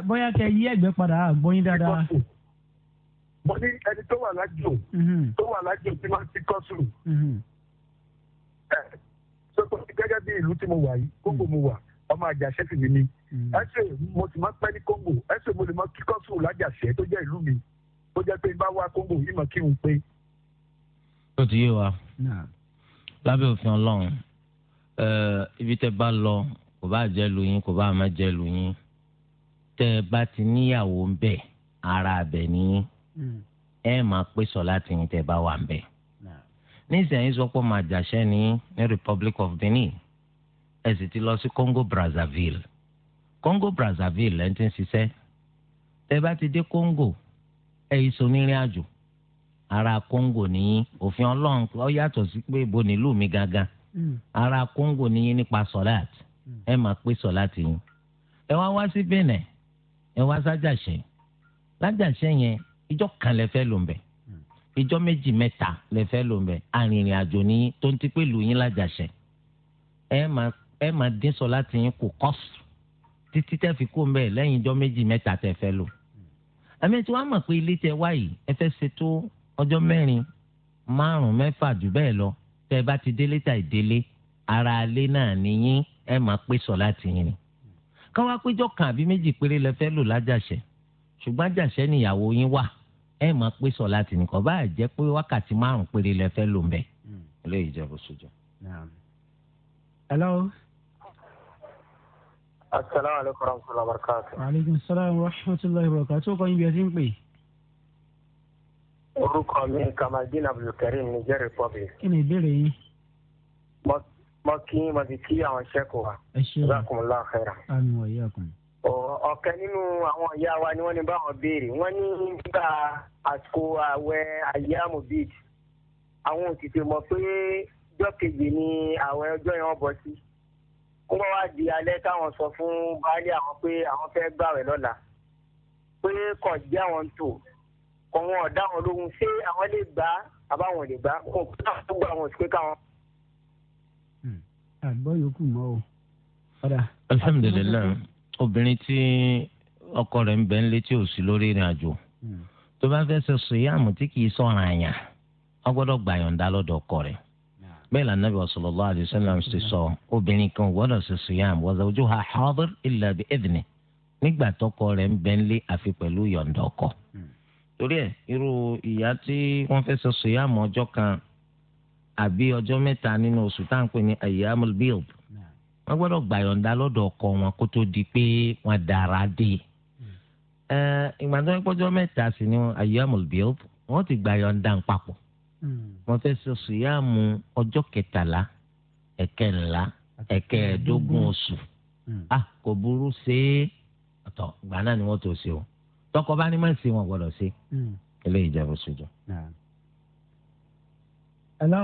Speaker 1: bóyá kẹ yí ẹ̀gbẹ́ padà àgbọ̀yìn dáadáa mo
Speaker 6: ní ẹni tó wà lájò mm-hmm. tó wà lájò tí wọ́n ti kọ́ sùn. Mm-hmm. ẹ sọ pé gẹ́gẹ́ bí ìlú tí mo wà yìí kókò mo wà ọmọ àjàṣẹ́sì mi ni ẹsẹ mo ti máa pẹ́ ní Congo ẹsẹ mo lè máa kíkọ́ sùn lájàṣẹ́ tó jẹ́ ìlú mi tó jẹ́ pé n bá wá Congo yìí mọ̀ kí n pé.
Speaker 2: tó ti yé wa lábẹ́ òfin ọlọ́run ibi tẹ́ bá lọ kò bá jẹ́ lu yín kò bá má jẹ́ lu yín tẹ́ ẹ bá ti níyàwó ń bẹ̀ ara abẹ nìyí hmm. ẹ máa pé láti yín tẹ́ bá wà ń bẹ̀ nísìnyí sọ pé màjàṣẹ́ ní ní Republic of Benin ẹ sì ti lọ sí Congo Brazzaville Congo Brazzaville lẹ́ni tí ń ṣiṣẹ́ tẹ bá ti dé Congo ẹ yìí àjò ara Congo nìyí òfin ọlọ́run ọ yàtọ̀ sí pé ibo nílùú mi gangan hmm. ara Congo nìyí nípa sọ̀láàtì hmm. ẹ máa pé sọ̀láàtì yín ẹ wá wá sí Benin ẹ wá sájàṣẹ lájàṣẹ yẹn ìjọ kan lẹ fẹ́ lò ń bẹ̀ ìjọ hmm. méjì mẹ́ta lẹ fẹ́ lò ń bẹ̀ arìnrìn àjò nìyí tó ń ti pé lù yín lájàṣẹ ẹ máa dín sọ̀láàtì yín kù kọ́sù títí tẹ́ fi kó mbẹ́ lẹ́yìn ọjọ́ méjì mẹ́ta tẹ́ fẹ́ lò ẹ̀mí tí wàá mọ̀ pé ilé tẹ́ wá yìí ẹ fẹ́ ṣe tó ọjọ́ mẹ́rin márùn mẹ́fà jù bẹ́ẹ̀ lọ tẹ́ ẹ bá ti délé tà ìdélé ara alé náà níyín ẹ máa pé sọ láti yín ni káwá péjọ kan àbí méjì péré lẹ fẹ́ lò lájàṣẹ ṣùgbọ́n àjàṣẹ níyàwó yín wà ẹ máa pé sọ láti nìkan bá jẹ́ pé wákàtí márùn péré lẹ fẹ́ lò mbẹ. ilé ìjẹ́bù sójà. hello asalaamualeykum warahmatulahi wabarakatu.
Speaker 1: aleykum salaam wa rahmatulahi wa barakatu. o kò yin bí ẹ ti ń pè.
Speaker 5: orúkọ mi kamaldeen abdulkareem niger republic.
Speaker 1: kí ni ìbéèrè yín.
Speaker 5: mo kí mo ti kí àwọn sẹ́kù wa.
Speaker 4: ẹ
Speaker 1: ṣe é
Speaker 5: jazakumullahu khairan.
Speaker 4: àmín wa iyyakum.
Speaker 5: ọ̀kan nínú àwọn ìyá wa ni wọ́n ní báwọn béèrè wọ́n ní nígbà àsìkò àwẹ̀ ayéhàmù bíi àwọn òtítì mọ̀ pé ọjọ́ ni àwẹ̀ ọjọ́ yẹn wọ́n bọ́ sí ó wá wá di alẹ́ káwọn sọ fún baálé àwọn pé àwọn fẹ́ gbàwẹ̀ lọ́la pé kò jẹ́ àwọn tó kò wọn ọ̀dá àwọn lóhun ṣé àwọn lè gbà àbáwọn lè gbà kò kí àwọn tó gbà àwọn sí pé káwọn.
Speaker 3: Hmm. àgbọ̀ yòókù mọ́ o.
Speaker 2: alhamdulilayi obìnrin tí ọkọ rẹ̀ ń bẹ ń létí òsì lórí ìrìn àjò hmm. tó bá fẹ́ ṣe sùn yá àmọ́ tí kì í sọ̀ràn àyàn wọ́n gbọ́dọ̀ gbà yọ̀ǹda lọ́dọ̀ ọkọ rẹ̀ bẹ́ẹ̀ la nàbì sallallahu alayhi wa sallam ṣe sọ obìnrin kan gbọ́dọ̀ ṣe siyam wa zawjuha hadir illa bi idhnihi nígbà tọkọ rẹ̀ ń bẹ nílé àfi pẹ̀lú yọ̀ǹda ọkọ. torí ẹ irú ìyá tí wọ́n fẹ́ ṣe siyam ọjọ́ kan àbí ọjọ́ mẹ́ta nínú oṣù tá à ń pè ní ayyamul biid wọ́n gbọ́dọ̀ gbà yọ̀ǹda lọ́dọ̀ ọkọ wọn kó tó di pé wọ́n dára dé. ìgbà tó ń pọ́jọ́ mẹ́ta sí ni ayyamul biid wọ́n ti gbà yọ̀ǹda papọ̀ wọ́n hmm. fẹ́ sọ sùyàmù ọjọ́ kẹtàlá ẹ̀kẹrìnlá ẹ̀kẹẹ̀dógún oṣù hmm. a ah, kò burú ṣe é ọ̀tọ̀ gbà náà ni wọ́n tó ṣe o tọkọ bá ní má ṣe wọn gbọ́dọ̀ ṣe hmm. eléyìí jẹ bó hello.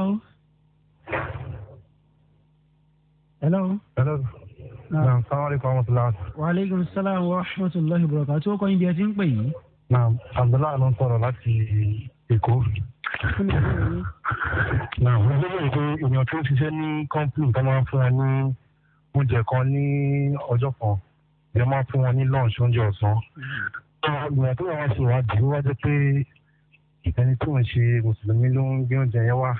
Speaker 2: hello.
Speaker 4: hello. naam salaamaleykum wa rahmatulah. wa aleykum salaam wa rahmatulah ibrahima tí ó kọ́ yín bí ẹ ti ń pè yín. naam abdullahi ló ń sọ̀rọ̀ láti èkó na mo lérò pé èèyàn tó ń ṣiṣẹ́ ní company tó máa ń fún wọn ní oúnjẹ kan ní ọjọ́ kan ìjọ máa ń fún wọn ní lunch oúnjẹ ọ̀sán ìyàn mm-hmm. tó wàá ṣe ìwádìí ó wá jẹ́ pé ẹni tó ń ṣe mùsùlùmí ló ń gbé oúnjẹ yẹn wá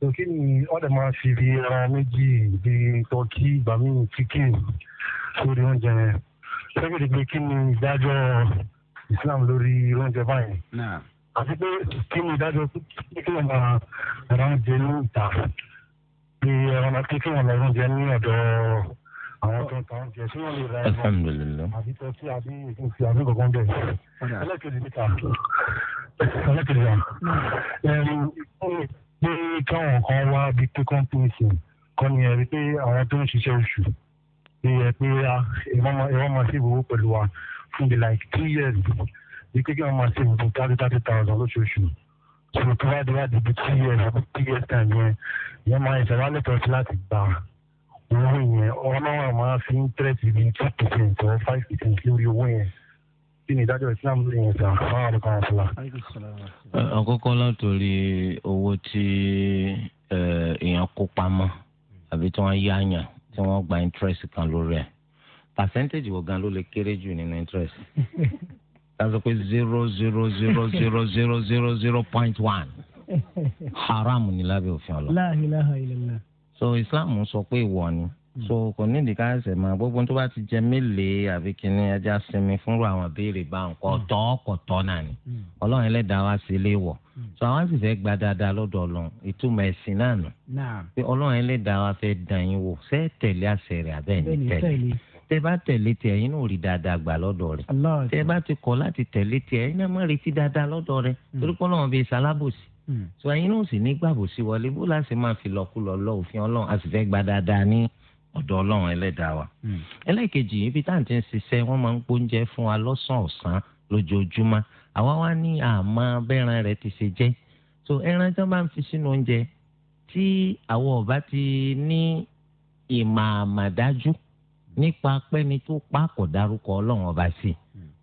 Speaker 4: tó ni wọ́n dẹ̀ máa fi bí ara méjì bí tọ́kí ìgbà chicken sórí oúnjẹ yẹn fẹ́ẹ́ kí ni ìdájọ́ Islam lórí oúnjẹ báyìí àti pé kí ni ìdájọ́ kí wọ́n máa rán jẹ ní ìta bí ẹran máa kí kí wọ́n máa rán jẹ ní ọ̀dọ̀ àwọn tó ń ta oúnjẹ sí wọn lè ra ẹran àbí tọ́tí àbí ìfì àbí kankan bẹ́ẹ̀ ẹlẹ́kẹ̀lẹ́ níta ẹlẹ́kẹ̀lẹ́ yà ẹ̀rí pé káwọn kan wá bí pé kọ́ńpìnìsì kọ́ ni ẹ̀rí pé àwọn tó ń ṣiṣẹ́ oṣù bí ẹ pé ẹ ah, wọ́n máa ṣèwọ́ pẹ̀lú wa fún the like three years wípé kí wọ́n máa ṣe nǹkan thirty thirty thousand lóṣooṣù so tó bá dé láti ibi two years àbí three years time yẹn yẹn máa ń ṣẹlẹ̀ lẹ́tọ̀ọ́ sí láti gbà owó yẹn ọlọ́wọ́ máa fi interest bíi two percent or five percent lórí owó yẹn kí ni ìdájọ́ islam lè yẹn sàn fún àwọn kan fúlà.
Speaker 2: àkọ́kọ́ látòrí owó tí èèyàn kó pamọ́ àbí tí wọ́n yá yàn tí wọ́n gba interest kan lórí ẹ̀ percentage wo gan ló lè kéré jù nínú interest. láti pé zero zero zero zero zero zero zero point one haram ni lábẹ́ òfin ọlọ. la ilaha illallah. so islam sọ pé ìwọ ni hmm. so kò ní ìdíkà ẹsẹ̀ máa gbogbo tó bá ti jẹ mélèé àbí kínní ẹja sinmi fúnra àwọn béèrè bá nǹkan hmm. ọ̀tọ̀ ọ̀kọ̀tọ̀ náà ni hmm. ọlọ́run ẹlẹ́dàá wá sí ilé wọ̀ so àwọn sì fẹ́ gba dáadáa lọ́dọ̀ ọlọ́run ìtumọ̀ ẹ̀sìn náà nù pé ọlọ́run ẹlẹ́dàá wá fẹ́ dàn yín wò ṣé tẹ̀lé tẹ bá tẹ̀lé tiẹ̀ yín náà rí dáadáa gbà lọ́dọ̀ rẹ̀ tẹ bá ti kọ̀ láti tẹ̀lé tiẹ̀ yín náà má retí dáadáa lọ́dọ̀ rẹ̀ hmm. torí pé ọlọ́run bíi sálábòsì tó hmm. ẹ̀yin náà sì ní gbàbòsí wọlé bó láti máa fi lọ́kùlọ́ lọ òfin ọlọ́run a sì fẹ́ gba dáadáa ní ọ̀dọ̀ ọlọ́run ẹlẹ́dàá wa. Hmm. ẹlẹ́ẹ̀kejì ibi tá à ń ti ń ṣiṣẹ́ wọ́n máa ń gbóúnjẹ fún wa lọ́sàn-án lójoojúmọ́ àwa so ẹran tí wọ́n bá ti ní ìmọ̀ àmàdájú nípa pẹ́ni tó pa kò dárúkọ ọlọ́run ọba sí i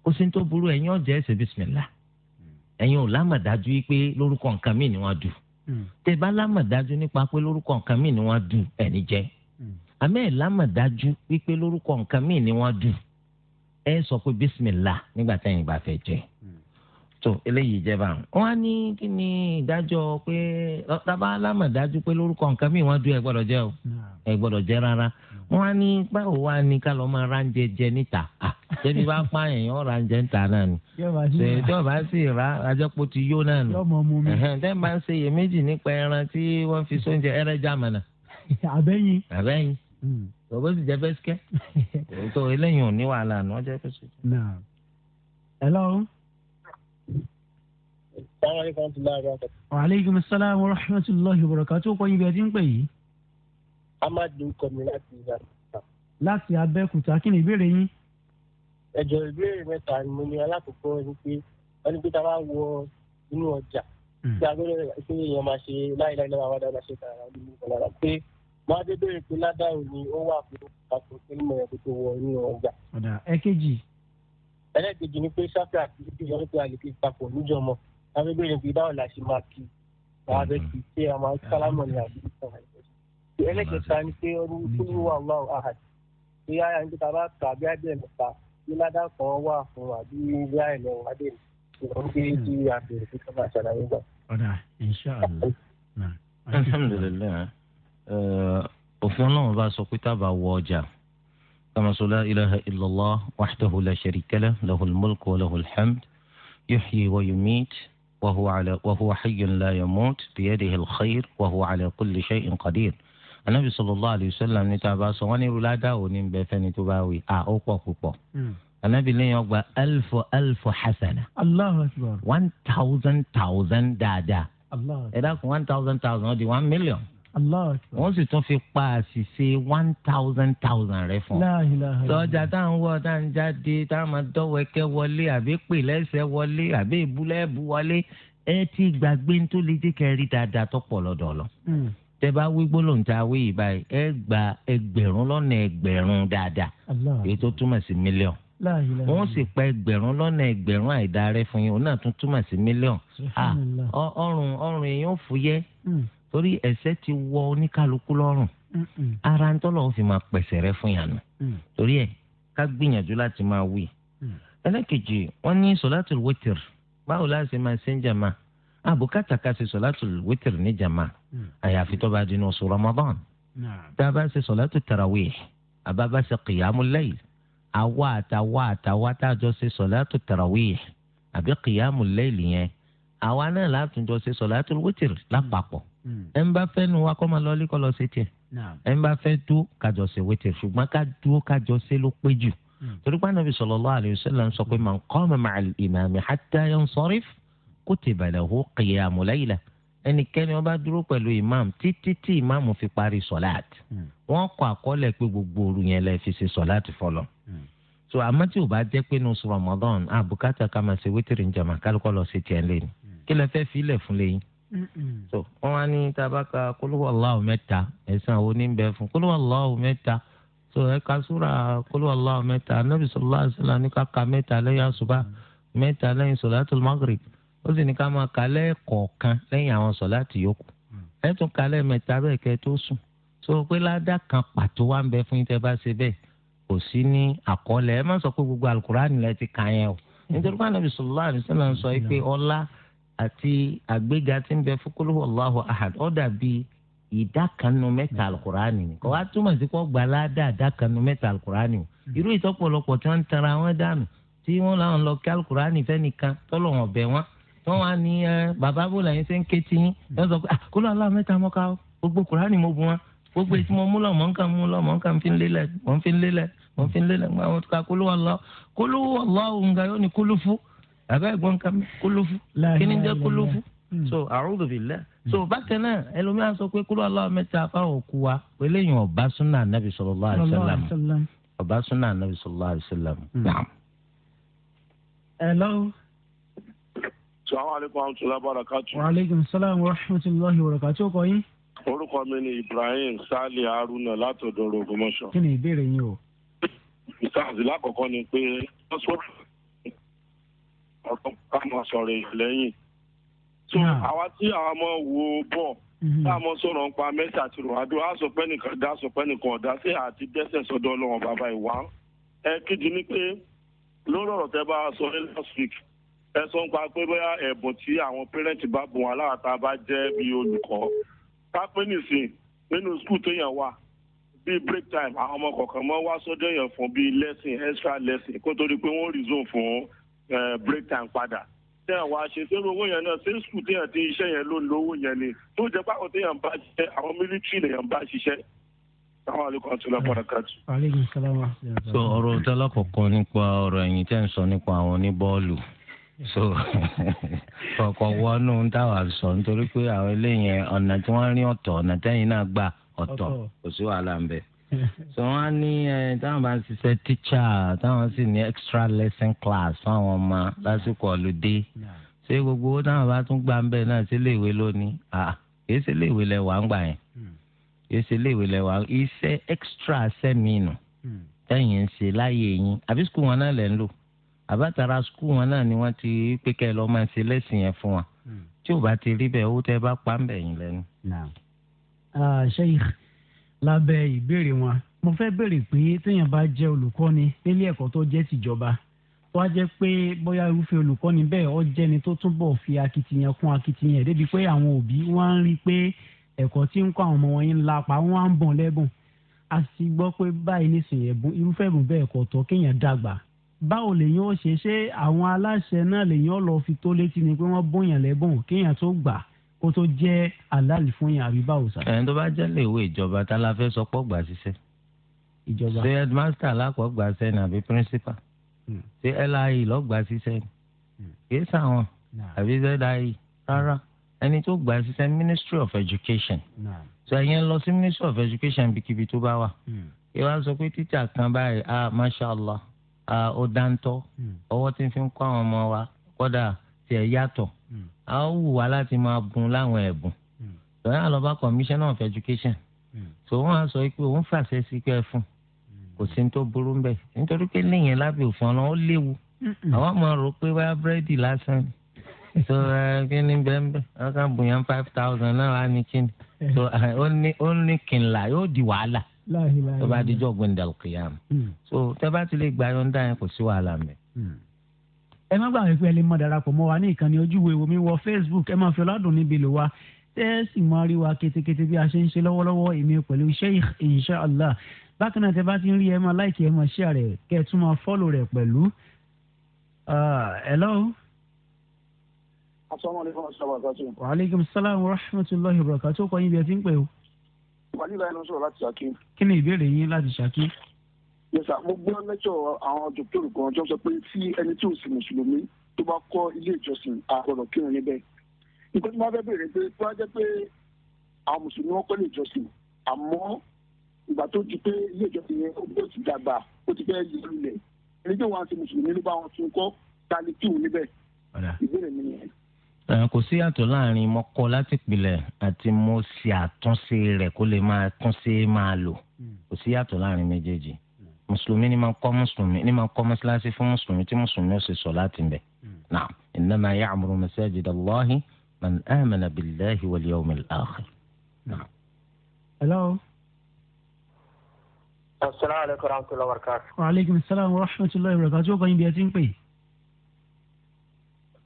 Speaker 2: ó sì ń tó burú ẹ̀yin ọ̀jẹ̀ ẹ̀sẹ̀ bisimilá hmm. ẹ̀yin ò lámàdájú pé lórúkọ nǹkan míì ni wọ́n dù hmm. tẹ́ bá lámàdájú nípa pé lórúkọ nǹkan míì ni wọ́n dù ẹ̀ní jẹ́ hmm. àmẹ́ ẹ̀ lámàdájú wípé lórúkọ nǹkan míì ni dù ẹ sọ pé bisimilá nígbà tẹ́yìn bá fẹ́ jẹ́ tó eléyìí jẹba wọn á ní kí ni ìdájọ́ pé tábà lámà dájú pé lórúkọ nǹkan míì wọn dún ẹ gbọ́dọ̀ jẹ o ẹ gbọ́dọ̀ jẹ rárá wọn á ní báwo wá ní ká lọ máa ránjẹ jẹ níta jẹbi bá pààyàn yọ ránjẹ níta náà ni
Speaker 1: tí wọn
Speaker 2: bá sì rà ajẹpọ ti yó náà ni tẹ́ bá ń ṣe iyèméjì nípa ẹran tí wọ́n fi sóúnjẹ ẹrẹ́ jàmánà. àbẹ́yìn. àbẹ́yìn lọ́bọ̀ hmm. sì jẹ́ fẹ́sikẹ́. ètò eléyìí ò ní wàhálà àná jẹ́ fẹ́sikẹ́.
Speaker 1: hello
Speaker 5: aleykum
Speaker 1: salaam wa rahmatulahi wa barakatuh kọ́ ibi ẹtí ń pè yìí.
Speaker 5: amadu kọmi láti abẹ́òkúta. láti
Speaker 1: abẹ́òkúta kí ni ìbéèrè yín.
Speaker 5: ẹ̀jọ̀ ìbéèrè mẹ́ta ni mo ní alákòókò ni pé wọ́n ní pé tá a bá wọ inú ọjà hmm. tí a gbọ́dọ̀ ṣe èèyàn máa ṣe láìláì lọ́wọ́ àwọn adájọ́ ṣe tààrà nínú ìkọlára pé wọ́n á dé béèrè pé ládàá ni ó wà fún àpò sílùmọ̀ ẹ̀ tó wọ inú ọjà.
Speaker 1: ọ̀dà ẹ̀kejì.
Speaker 5: ẹlẹ́kejì ni pé sáfì àti ìdíjọ́ nípa àlèkè papọ̀ níjọ́ mọ́. a fẹ́ bẹ̀rẹ̀ pé báwo la máa kí àwọn abẹ́ kì í ṣe sálámọ̀ ní àti ìsọ̀rọ̀ ẹlẹ́kẹta ni pé ọdún tó ń wà wà áhà pé ara nípa bá kà bí abẹ́ nípa bí ládà wà fún àbí bí àìlẹ̀ wà dé ìwọ̀n pé kí àbẹ̀rẹ̀ pé ká máa ṣàlàyé gbà.
Speaker 2: ọ̀dà inshallah. alhamdulilayi òfin ọlọ́run bá sọ pé tábà wọ ọjà kama ilaha illallah wahdahu la sharika lahul mulku wa lahul hamd yuhyi wa yumit وهو على وهو حي لا يموت بيده الخير وهو على كل شيء قدير anabi sallallahu alayhi wa sallam ní tá a bá sọ wọn ní rúládà ò ní bẹ fẹni tó bá wí à ó pọ̀ púpọ̀ anabi lẹ́yìn ọgbà alfu alfu hasana Allahu akbar one thousand thousand dáadáa ẹ dákun one thousand thousand ó di one million wọ́n sì tún fi pa àṣìṣe one thousand thousand rẹ fún ọ. sọjà tá à ń wọ tá à ń jáde tá à máa dọ́wẹ́kẹ́ wọlé àbí pè lẹ́sẹ̀ wọlé àbí ìbúlẹ́ẹ̀bù wọlé ẹ ti gbàgbé tó lè jẹ́ kẹrí dáadáa tó pọ̀ lọ́dọ̀ lọ. Hmm. tẹ bá wí gbólóhùn tá a wí yìí báyìí ẹ gba ẹgbẹ̀rún lọ́nà ẹgbẹ̀rún dáadáa èyí tó túmọ̀ sí mílíọ̀n. wọ́n sì pa ẹgbẹ̀rún lọ́nà ẹgbẹ̀rún àìdáa rẹ fún yín òun náà tún túmọ̀ sí mílíọ̀n. Ah, ọrùn ọrùn èèyàn fúyẹ́ hmm torí ẹ̀ṣẹ̀ ti wọ oníkálukú lọ́rùn ara ń tọ́lọ̀ fi máa pẹ̀sẹ̀ rẹ fún yànnà mm. torí ẹ̀ ká gbìyànjú láti máa wí. Mm. ẹlẹ́kejì wọ́n ní sọ̀látùl wítìr báwo la ṣe máa ṣe ń jàmá àbùkátà ká ṣe sọ̀látùl wítìr ní jàmá mm. àyàfi tó bá dínú oṣù Ramadan tá a bá ṣe sọ̀látù tarawih àbá bá ṣe qiyamul layl àwa àtàwa àtàwa tá a jọ ṣe sọ̀látù tarawih àbí qiyamul layl yẹn àwa náà látúndọ̀ ṣe sọ̀látùl wítìr lápapọ̀ Hmm. ẹ ń bá fẹ́ nu wa kọ́ máa lọ líkọ́ lọ sí tiẹ̀ ẹ ń bá fẹ́ dúó kájọ ṣe wẹ́tẹ̀ ṣùgbọ́n ká dúó kájọ ṣe ló pé jù hmm. torí pé anabi sallallahu alayhi wa sallam sọ pé man qama ma'al imami hatta yansarif kutiba lahu qiyamu layla ẹnikẹ́ni ó bá dúró pẹ̀lú imam títí tí imam fi parí sọ̀láàt hmm. wọ́n kọ àkọọ́lẹ̀ pé gbogbo òru yẹn lẹ́ fi ṣe sọ̀láàt fọlọ́ so àmọ́ tí ò bá jẹ́ pé nù Ramadan àbùkátà ká ṣe wítìrì ń jàmà kálukọ́ lọ sí tiẹ̀ lẹ́yìn kí lẹ fẹ́ fi ilẹ̀ fún lẹ́yìn so wọn wá ní tabaka kólówó aláwọ mẹ́ta ẹ̀san àwọn oníbẹ fún kólówó aláwọ so ẹka súra kólówó aláwọ mẹ́ta anabi sọlá àṣìlá ní kàkà mẹ́ta lẹ́yìn àṣùbà mẹ́ta lẹ́yìn sọlátul magrib ó sì ní ká máa kà lẹ́ẹ̀kọ̀ọ̀kan lẹ́yìn àwọn sọláàtì yòókù ẹ tún kà lẹ́ẹ̀mẹ́ta bẹ́ẹ̀ kẹ́ tó sùn so pé ládà kan pàtó wà ń bẹ fún yín tẹ́ bá ṣe bẹ́ẹ̀ kò sí ní àkọọ́lẹ̀ ẹ má sọ pé gbogbo alukur'an lẹ ti kà yẹn o nítorí pé anabi sọlá àṣìlá ń sọ yìí pé ọlá àti àgbéga tí ń bẹ fún kólóhùn Allahu ahad ó dàbí ìdákanu mẹ́ta alukurani kò wá túmọ̀ sí kó gbà ládà ìdákanu mẹ́ta alukurani o hmm. irú ìtọ́pọ̀lọpọ̀ tí wọ́n ń tara wọn dànù tí wọ́n làwọn lọ kí alukurani fẹ́nìkan tọ́lọ̀ wọn bẹ̀ wọ́n tí wọ́n wá ní bàbá bò lẹ́yìn ṣe ń ké tí yín lọ́sọ̀ pé ah, kóló aláwọ̀ mẹ́ta mọ́ká gbogbo kurani mo bu wọn gbogbo tí mo mú lọ mọ̀ nǹkan mú lọ mọ̀ nǹkan fi ń lélẹ̀ mọ̀ fi lélẹ̀ mọ̀ ń fi ń lélẹ̀ àbá ẹ̀gbọ́n kan kólófù kí ni jẹ́ kólófù hmm. so a'udhu billah hmm. so bákan náà ẹlòmíràn sọ pé kúrò aláwọ̀ mẹ́ta fáwọn òkú wa eléyìí ọ̀bá súnà nàbì sallallahu alaihi wasallam ọ̀bá súnà nàbì sallallahu alaihi wasallam. Hmm.
Speaker 4: hello. sàmúlẹ̀kùn àwọn tùlá bàrà kàtó. wa aleykum salaam wa rahmatulahi wa barakatuh ó kọ yín.
Speaker 6: orúkọ mi ni Ibrahim Sali Haruna látọ̀dọ̀ Ògbómọ̀ṣọ́. kí
Speaker 1: ni ìbéèrè yín o.
Speaker 6: ìsáàsì lákọ̀ọ́kọ́ ni pé ọ̀tọ̀ káwọn sọ̀rọ̀ ìlẹ́yìn. so àwa tí àwọn ọmọ wo bọ̀ mm-hmm. tá a mọ sọ̀rọ̀ nípa mẹ́sì àti ròhádó a sọ pé nìkan dá sọ pé nìkan ọ̀dá sí àti dẹ́sẹ̀ sọ́dọ̀ ọlọ́run bàbá ìwà. ẹ kéde ni pé lórí ọ̀rọ̀ tẹ́ bá sọ ní last week ẹ sọ nípa pé bóyá ẹ̀bùn tí àwọn pẹ́rẹ́ǹtì bá bùn wá láwàtà bá jẹ́ bí olùkọ́ ká pé nìsín nínú skul tó yàn wà bíi break time àwọn ọmọ kọ̀ọ̀kan mọ́ wá sọ́dọ̀ yẹn fún bíi lesson extra lesson kó tó di pé wọ́n resume fún Eh, break time padà tẹ ẹ wá ṣe sínú owó yẹn náà ṣé skul téèyàn ti iṣẹ́ yẹn ló ń yẹn ni tó jẹ́ pé àwọn téèyàn bá ṣiṣẹ́ àwọn mílítírì lèèyàn bá ṣiṣẹ́
Speaker 1: so ọ̀rọ̀
Speaker 2: tẹ́lá kọ̀ọ̀kan nípa ọ̀rọ̀ ẹ̀yìn tẹ́ ń sọ nípa àwọn oníbọ́ọ̀lù so ọkọ̀ wọnú ń tà wá sọ nítorí pé àwọn eléyìí ọ̀nà tí wọ́n rí ọ̀tọ̀ ọ̀nà tẹ́yìn náà gbà ọ̀tọ̀ kò sí wàhálà ń bẹ̀. so wọn ní táwọn bá ń ṣiṣẹ́ tíṣà táwọn sì ní extra lesson class fáwọn ọmọ lásìkò ọlùdé ṣé gbogbo owó táwọn bá tún gbà ń bẹ náà ṣe léèwé lónìí ah kìí ṣe léèwé lẹwà ń gbà yẹn kìí ṣe léèwé lẹwà iṣẹ́ extra sẹmìnù tẹyìn ń ṣe láàyè yín àbí skul wọn náà lẹ ń lò àbátara skul wọn náà ni wọn ti pé kẹ lọ máa ṣe lẹ́sìn yẹn fún wa tí ò bá ti rí bẹ́ẹ̀ owó tẹ bá pa ń bẹ yín lẹ́nu.
Speaker 1: ṣé yìí. Ah, lábẹ́ ìbéèrè wọn mo fẹ́ béèrè pé téèyàn bá jẹ́ olùkọ́ni nílé ẹ̀kọ́ tó jẹ́ tìjọba tó a jẹ́ pé bóyá irúfẹ́ olùkọ́ni bẹ́ẹ̀ ọ jẹ́ni tó túbọ̀ fi akitiyan kún akitiyan débi pé àwọn òbí wọn ń rí i pé ẹ̀kọ́ tí ń kọ́ àwọn ọmọ wọn yín lápá wọn á ń bọ̀n lẹ́bùn a sì gbọ́ pé báyìí nísìnyí irúfẹ́ ẹ̀bùn bẹ́ẹ̀ kọ̀ tọ́ kéèyàn dàgbà báwo lèyàn ó ṣe ṣe àwọn aláṣẹ náà lèyàn lọ fi tó létí ni pé wọ́n bóyàn lẹ́bùn kéèyàn tó gbà á kó tó jẹ́
Speaker 2: aláàlì fún yàn àbí báwo sá. ẹni tó bá jẹ́ lè wo ìjọba tá la fẹ́ sọ pọ̀ gbà síṣẹ́. ìjọba ṣé headmaster alákọ̀ọ́ gbà síṣẹ́ ni àbí principal hmm. ṣé LIE lọ́gbà síṣẹ́ ni hmm. kìí sàwọn àbí ZIE rárá ẹni tó gbà síṣẹ́ ministry of education ṣe ẹ̀yẹn lọ sí ministry of education bíkíbi tó bá wà hmm. ẹ wá sọ pé tíṣà kan báyìí ah masha allah ah ó dáńtọ́ ọwọ́ tí ń fi ń kọ́ àwọn ọmọ wa kódà tiẹ̀ yàtọ̀ a ó wù wá láti máa bùn láwọn ẹ̀bùn hmm. lọ́yà àlọ́bá commissioner of education tó hmm. wọ́n á sọ pé òun fàṣẹ sí pé ẹ fún hmm. kò sí ní tó burú ń bẹ̀ nítorí pé léyìn lábẹ́ òfin ọ̀nà ó léwu àwọn máa rò pé wáyà búrẹ́dì lásán ni so kí ni bẹ́ẹ̀ wọ́n kàn bùn yẹn five thousand náà wà ní kíni eh. so ó ní kìnìlà yóò di wàhálà tó bá dijọ́ gbẹ̀ndàlùkìyàmù so tẹ́ bá ti lè gbà yọ̀ǹda yẹn kò sí wàhálà mẹ́
Speaker 1: ẹ má gbàgbé pé ẹ lè mọ darapọ̀ mọ́ wa ní ìkànnì ojúwe omi wọ facebook ẹ máa fi ọ̀làdùn níbi lò wa tẹ́ ẹ sì máa rí wa ketekete bí a ṣe ń ṣe lọ́wọ́lọ́wọ́ èmi pẹ̀lú sheikh inshallah bákan náà tẹ́ bá ti ń rí ẹ máa láìkì ẹ máa share rẹ̀ kẹ́ ẹ tún máa follow rẹ̀ pẹ̀lú. Uh, hello.
Speaker 5: asalaamualeykum asalaamualeykum.
Speaker 1: wa aleykum salaam wa rahmatulahi wa barakatuh kọ́ yín bí ẹ ti ń pè o. wàlúùlá
Speaker 5: yẹsà mo gbọ́ lẹ́tọ̀ àwọn dòkítọ́rù kan tó sọ pé tí ẹni tí ò sì mùsùlùmí tó bá kọ́ ilé ìjọsìn àgbọ̀dọ̀ kírun níbẹ̀ nǹkan tí wọ́n fẹ́ bèèrè pé tó wá jẹ́ pé àwọn mùsùlùmí wọn kọ́ ilé ìjọsìn àmọ́ ìgbà tó di pé ilé ìjọsìn yẹn ó ti dàgbà ó ti fẹ́ yẹ lulẹ̀ ẹni tí wọ́n ti mùsùlùmí ló bá wọn tún kọ́ tali kírun níbẹ̀ ìbéèrè mi nìyẹn
Speaker 2: kò sí yàtọ̀ láàrin mo kọ́ láti pilẹ̀ àti mo ṣe àtúnṣe rẹ̀ kó lè máa túnṣe máa lò hmm. kò sí yàtọ̀ láàrin méjèèjì mùsùlùmí ni máa kọ́ mùsùlùmí ni máa kọ́ mọ́sálásí fún mùsùlùmí tí mùsùlùmí ó sì sọ láti bẹ̀. Hmm. náà innama ya'muru masajida Allahi man amana billahi wal yawmil akhir. Hmm. hello.
Speaker 5: asalaamualeykum wa rahmatulahi wa barakatuh.
Speaker 1: wa aleykum salaam wa rahmatulahi wa barakatuh. ọkọ yín bí ẹ ń pè.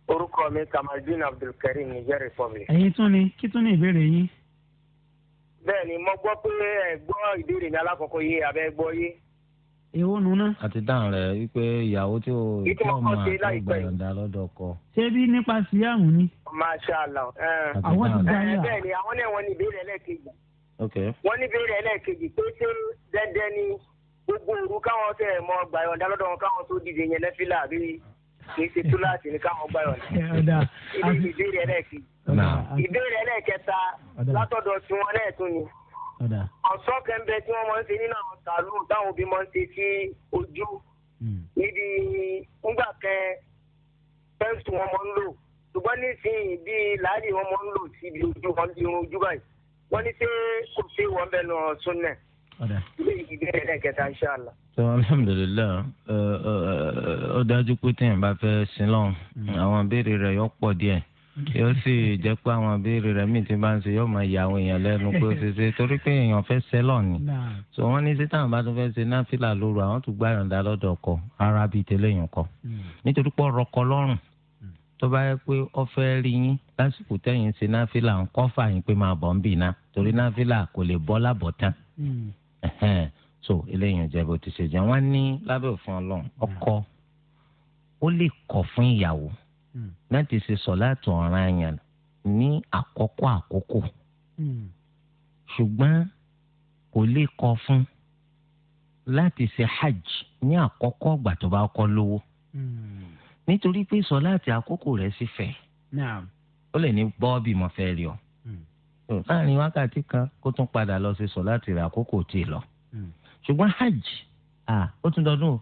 Speaker 5: orúkọ mi kamaldin abdulkareem niger republic.
Speaker 1: ẹ̀yin tún ni kí tún ni
Speaker 2: ìbéèrè yín.
Speaker 5: bẹ́ẹ̀ni mo gbọ́ pé ẹ gbọ́ ìbéèrè mi alákọ̀ọ́kọ́ yé abẹ gbọ́ yé
Speaker 2: èwo nuna. àti dáhùn rẹ wípé ìyàwó tí o tí o máa tó gbàyànjá lọ́dọ̀ kọ. ṣé bí nípa síyàmù ni. masha allah. Eh. àwọn ti dá yà. bẹ́ẹ̀ ni
Speaker 5: àwọn náà wọ́n ní ìbéèrè ẹlẹ́ẹ̀kejì. wọ́n ní ìbéèrè ẹlẹ́ẹ̀kejì pé ṣé dandan ni gbogbo òru káwọn tẹ ẹ mọ gbàyànjá lọ́dọ̀ wọn káwọn tó dìde yẹn lẹfílà àbí kì í ṣe túláàsì ni káwọn gbàyànjá. ìbéèrè ẹlẹ́ẹ̀kejì. ìbéèrè ẹlẹ́ẹ̀kẹta látọ̀dọ̀ tiwọn náà ni ọ̀ṣọ́ kẹ́ńbẹ́ tí wọ́n máa ń ṣe nínú àwọn sàlù táwọn òbí máa ń ṣe sí ojú hmm. níbi ńgbà kẹ pẹ́ǹsì wọn máa ń lò ṣùgbọ́n nísìnyí bíi láàyè wọn máa ń lò síbi ojú wọn bí irun ojú báyìí wọ́n ní ṣé kò sí wọn bẹ́ẹ̀ lọ súnẹ̀
Speaker 2: so alhamdulilayi uh, uh, uh, ó dájú pé téèyàn bá fẹ́ sin hmm. àwọn béèrè rẹ̀ yọ pọ̀ díẹ̀ yóò sì jẹ́ pé àwọn abéèrè rẹ̀ míì ti bá ń ṣe yóò máa yà àwọn èèyàn lẹ́nu pé ó ṣe ṣe torí pé èèyàn fẹ́ sẹ́lọ̀ ni so wọ́n ní sí táwọn bá tún fẹ́ ṣe náfìlà lóru àwọn tún gbá yọ̀ǹda lọ́dọ̀ ọkọ ara bíi tẹ́lẹ̀yìn kọ hmm. nítorí pé ọ̀rọ̀ kọ lọ́rùn hmm. tó bá yẹ pé ọ fẹ́ rí yín lásìkò tẹ́yìn ṣe náfìlà ń kọ́ fà pé máa bọ̀ ń bì ná torí hmm. náfìlà kò lè bọ́ lábọ̀ tán so eléyìí jẹ́ bó ti ṣe jẹ́ wọ́n ní lábẹ́ òfin ọlọ́run Hmm. láti ṣe sọ̀láàtù ọ̀ranyàn ní àkọ́kọ́ àkókò hmm. ṣùgbọ́n kò lè kọ fún láti ṣe hajj ní àkọ́kọ́ ìgbà tó bá kọ́ lówó hmm. nítorí pé sọ̀láàtì àkókò rẹ̀ sì fẹ̀ ó lè ní bọ́ọ̀bì mọ́ fẹ́ rí ọ láàrin wákàtí kan kó tún padà lọ ṣe sọ̀láàtì rẹ̀ àkókò tí ì lọ ṣùgbọ́n hajj ó tún dọdún o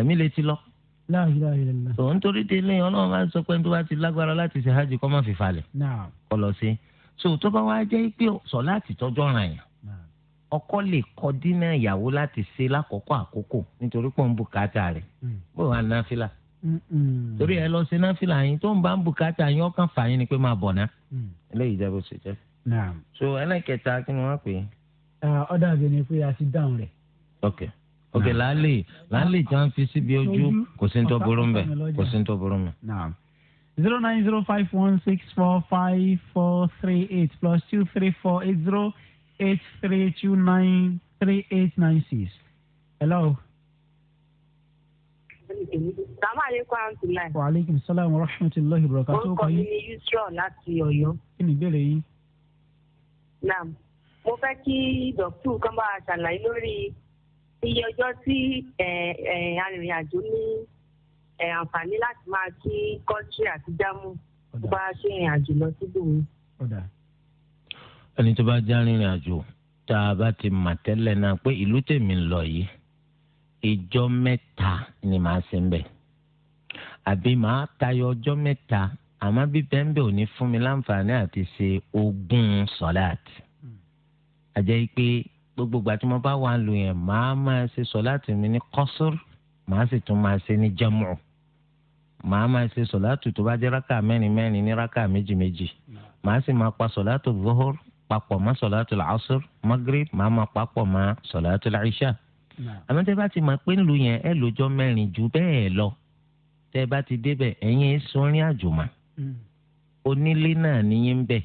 Speaker 2: ẹ̀mí lè ti lọ. Mm tò ń torí délé ọlọ́run máa ń sọ pé tó bá ti lágbára láti ṣe hajj kọ́ máa fi falẹ̀ kọ́ lọ sí so tó bá wá jẹ́ pé sọ láti tọ́jú ọ̀ràn yẹn ọkọ lè kọ dínà ìyàwó láti ṣe lákòókò àkókò nítorí pé ó ń bùkátà rẹ̀ hmm. bó wà náfìlà torí ẹ lọ sí náfìlà yín tó ń bá ń bùkátà yín ọkàn fà yín ni pé máa bọ̀ ná hmm. eléyìí jẹ́ bó ṣe jẹ́ so ẹlẹ́kẹta kí ni wọ́n pè
Speaker 1: é. ọ̀dà ah, àbẹ̀ni pé
Speaker 2: okay ok làálì làálì tí wọ́n fi síbi ojú kò sí ní tó burú mbẹ kò sí ní tó burú mbẹ.
Speaker 1: zero nine zero five one six four five four three eight plus two three four eight zero eight three two nine three eight nine six. hello.
Speaker 5: Assalamu alaikum warahmatullahi.
Speaker 1: Wa alaikum salam wa rahmatullahi wa barakatuh. Orúkọ mi
Speaker 5: ni Yusra láti
Speaker 1: Ọ̀yọ́. Kí ni ìbéèrè yín?
Speaker 5: Naam, mo fẹ́ kí dọ̀kítù kan bá a ṣàlàyé lórí iye ọjọ́ tí arìnrìn-àjò ní àǹfààní láti máa kí kọ́ńtì àti jámù bá ṣe ìrìn àjò lọ sí bòmí.
Speaker 2: ẹni tó bá já rìnrìn àjò tá a bá ti mà tẹ́lẹ̀ náà pé ìlú tèmi ń lọ yìí ìjọ mẹ́ta ni màá sin bẹ̀ àbí màá tayọ ọjọ́ mẹ́ta àmọ́ bí bẹ́ńbẹ́ ò ní fún mi láǹfààní àti ṣe ogún sọ́láàtì. àjẹ́ hmm. pé gbogbo ìgbà tí mo bá wà lù yẹn màá máa ṣe sọ̀láàtì mi ní kọ́sùr màá sì tún máa ṣe ní jámù màá máa ṣe sọ̀láàtì tó bá jẹ́ rákà mẹ́rin mẹ́rin ní rákà méjì méjì màá sì máa pa sọ̀láàtì zuhur papọ̀ mọ́ sọ̀láàtì asr magrib màá máa papọ̀ mọ́ sọ̀láàtì isha. àmọ́ tẹ́ bá ti máa pé lù yẹn ẹ lójọ́ mẹ́rin ju bẹ́ẹ̀ lọ tẹ́ bá ti débẹ̀ ẹ̀yin sunrin àjùmọ̀ hmm. onílé náà níyìn bẹ́ẹ̀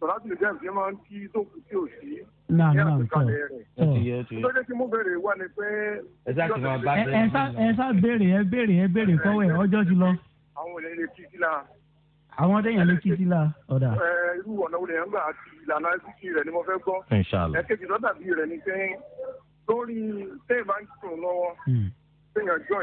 Speaker 6: sọlájú lè dẹ́rù tí máa ń kí sóòkù tí ò sí. náà náà tọ tọ tí mo béèrè wà ní pé. ẹ sá ti máa bá bẹ́ẹ̀ ni.
Speaker 1: ẹ sá béèrè ẹ béèrè ẹ béèrè kọ́wọ́ ọjọ́ ti lọ.
Speaker 6: àwọn èèyàn lè kí sí la.
Speaker 1: àwọn téèyàn lè kí sí la ọ̀dà.
Speaker 6: irú ọ̀nà wo lèèyàn gbà àti ìlànà ìsìnkú rẹ̀ ni mo fẹ́ gbọ́. ẹ lọ́dà bíi rẹ̀ ni pé lórí téèyàn bá ń sùn lọ́wọ́ hmm. téèyàn jọ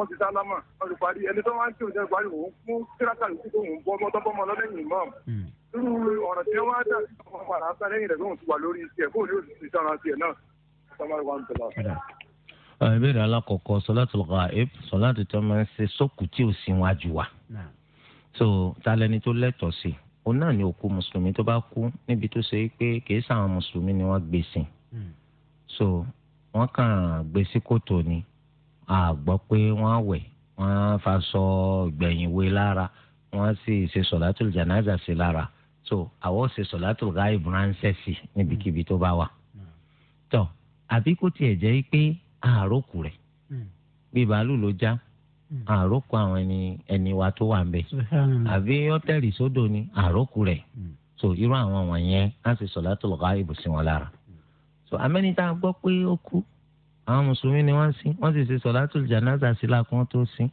Speaker 6: wọ́n ti sálámà wọ́n ti parí ẹni tó máa ń tìrò jẹ́ parí òun fún tíráta yòókù tó ń bọ́ mọ́tọ́ bọ́mọ lọ́lẹ́yìn mọ́ hmm. irú ọ̀rọ̀ tí wọ́n á dà sí ọmọ padà á sálẹ́yìn rẹ̀ lóhùn ti wà lórí iṣẹ́ kó ní òṣìṣẹ́ sára tiẹ̀ náà sọmọlẹ́ wa ń tẹ̀lé.
Speaker 2: ìbéèrè alákọ̀ọ́kọ́ sọláàtì ghaib sọláàtì tó máa ń ṣe sókù tí ò sí wájú wa so talẹni tó lẹ́tọ̀ọ́ sí òun náà ni òkú mùsùlùmí tó bá kú níbi tó ṣe pé kìí sàwọn mùsùlùmí ni wọ́n gbé hmm. so wọ́n kàn gbé sí ni a gbọ́ pé wọ́n wẹ̀ wọ́n fa sọ gbẹ̀yìnwé lára wọ́n sì ṣe sọ̀látùl jànáza sí lára so àwọn ṣe sọ̀látùl gáìbù ránṣẹ́ sí níbikíbi tó bá wà. tọ́ àbí kó tiẹ̀ jẹ́ pé àáròkù rẹ̀ bí bàálù ló já àròkù àwọn ẹni ẹni wa tó wà ń bẹ àbí ọtẹlì sódò ni àròkù rẹ̀ so irú àwọn wọ̀nyẹn á sì sọ̀látùl gáìbù sí wọn lára so amẹ́nitá gbọ́ pé ó kú àwọn mùsùlùmí ni wọ́n sìn wọ́n sì ṣe sọ̀látùl jánásà sí làkún tó sìn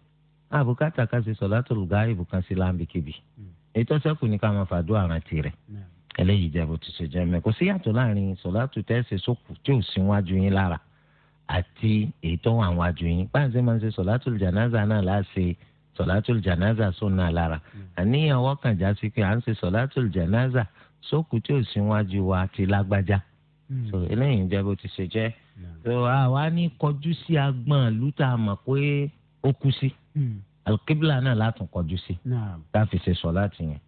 Speaker 2: àbùkátà ká ṣe sọ̀látùl gáìbù kan sí láǹbìkìbì èyí tó ṣẹ́kù ní ká máa fàdúrà rántí rẹ̀ eléyìí jẹ́ bó ti ṣe jẹ́ mẹ́ kò sí yàtọ̀ láàrin sọ̀látù tẹ́sí sókù tí ò sí wájú yín lára àti èyí tó wà wájú yín báyìí máa ń ṣe sọ̀látù jànáza náà láṣẹ sọ̀látù jànáza sóun náà lára àníyàn wọ́kàn já sí pé à ń ṣe sọ̀látù jànáza sókù tí ò sí wájú wa ti lágbájá eléyìí jẹ́ bó ti ṣe jẹ́ tó àwa ní kọjú sí agbọ̀n ìlú tá a mọ̀ o ó kú sí hmm. alukibla náà látún kọjú sí tá a fi ṣe sọ láti yẹn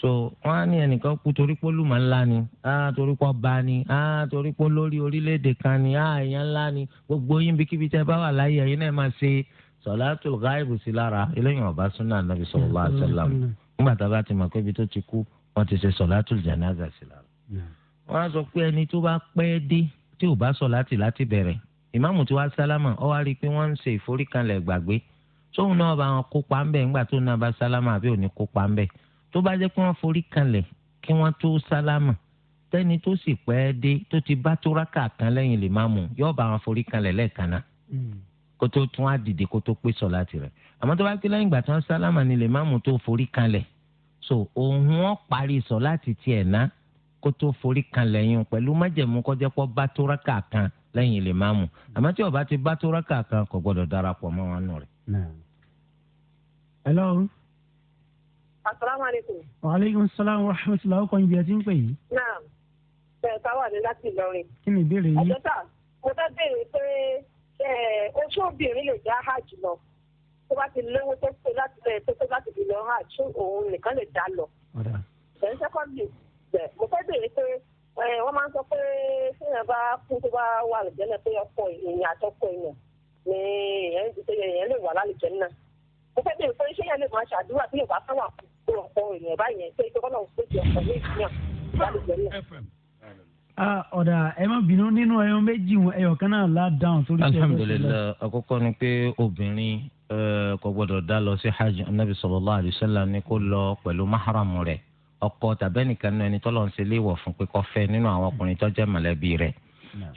Speaker 2: so wọn á ní ẹnìkan kú torí pé olùmọ̀ ńlá ni á torí pé ọba ni á torí pé olórí orílẹ̀-èdè kan ni á èèyàn ńlá ni gbogbo yín bíkíbi tẹ́ bá wà láyé ẹ̀yin náà máa ṣe sọ̀látù gáìbù sí lára eléyìí ọba súnà nàbì sallallahu alaihi wasallam nígbà tá a bá ti mọ̀ pé ibi tó ti kú wọ́n ti ṣe sọ̀látù jánásà sí lára. wọ́n á sọ pé ẹni tó bá pẹ́ dé tí ò bá sọ láti láti bẹ̀rẹ̀ ìmáàmù tí wàá sálámà ọ wá rí i pé wọ́n ń ṣe ìforíkanlẹ̀ gbàgbé tóun náà bá wọn kópa ńbẹ̀ ńgbà tóun náà bá sálámà àbí òní kópa ńbẹ̀ tó bá jẹ́ pé wọ́n foríkanlẹ̀ kí wọ́n tó sálámà tẹ́ni tó sì pẹ́ dé tó ti bá tó rákà kan lẹ́yìn lè yóò bá wọn foríkanlẹ̀ lẹ́ẹ̀kan náà hmm. kó tó tún á dìde kó tó pé láti rẹ̀ àmọ́ tó bá pé lẹ́yìn ìgbà tí wọ́n sálámà ni lè máàmù tó foríkanlẹ̀ so òun wọn parí sọ láti tiẹ̀ náà kó tó forí kan lẹ́yìn pẹ̀lú májẹ̀mú kọjá pọ̀ bá tó rákà kan lẹ́yìn lè máa mú àmọ́ tí ó bá ti bá tó rákà kan kò gbọ́dọ̀ darapọ̀ mọ́ wọn nù rẹ̀. hello.
Speaker 5: asalaamualeykum.
Speaker 1: wa aleykum salaam wa rahmatulah ọkọ ìbí ẹ ti ń pè yìí.
Speaker 5: náà bẹ́ẹ̀ táwa ní láti Ìlọrin. kí ni ìbéèrè yìí. àjọta mo fẹ́ béèrè pé oṣù obìnrin lè já hajj lọ tó bá ti lówó tó tó láti lọ hajj òun nìkan lè já lọ. ọ̀dà. ẹ̀ ń sẹ́kọ̀ndì bẹ́ẹ̀ mo fẹ́ béèrè pé wọ́n máa ń sọ pé fúnyàn bá kú tó bá wà lẹ́jẹ̀ náà pé ọkọ èèyàn àtọkọ èèyàn ni èèyàn ti pé èèyàn lè wà lálùjẹ́ náà mo fẹ́ béèrè pé ṣé èèyàn lè máa ṣàdúrà bí yorùbá sáwà kú ọkọ èèyàn báyẹn pé ìjọba náà kó jẹ ọkọ ní ìfihàn lálùjẹ́ náà
Speaker 1: ọ̀dà ẹ má bínú nínú ẹyọ méjì ẹyọ kan náà la dáhùn torí ṣe é lọ́sọ̀rọ̀. alhamdulilayi
Speaker 2: àkọ́kọ́ ni pé obìnrin kò gbọ́dọ̀ dá lọ sí hajj anabi sallallahu alaihi wasallam ni kó lọ pẹ̀lú mahram rẹ̀ ọkọ tàbẹ́nìkan náà ẹni tọ́lọ́ ń ṣe léèwọ̀ fún pé kó fẹ́ nínú àwọn ọkùnrin tó jẹ́ mọ̀lẹ́bí rẹ̀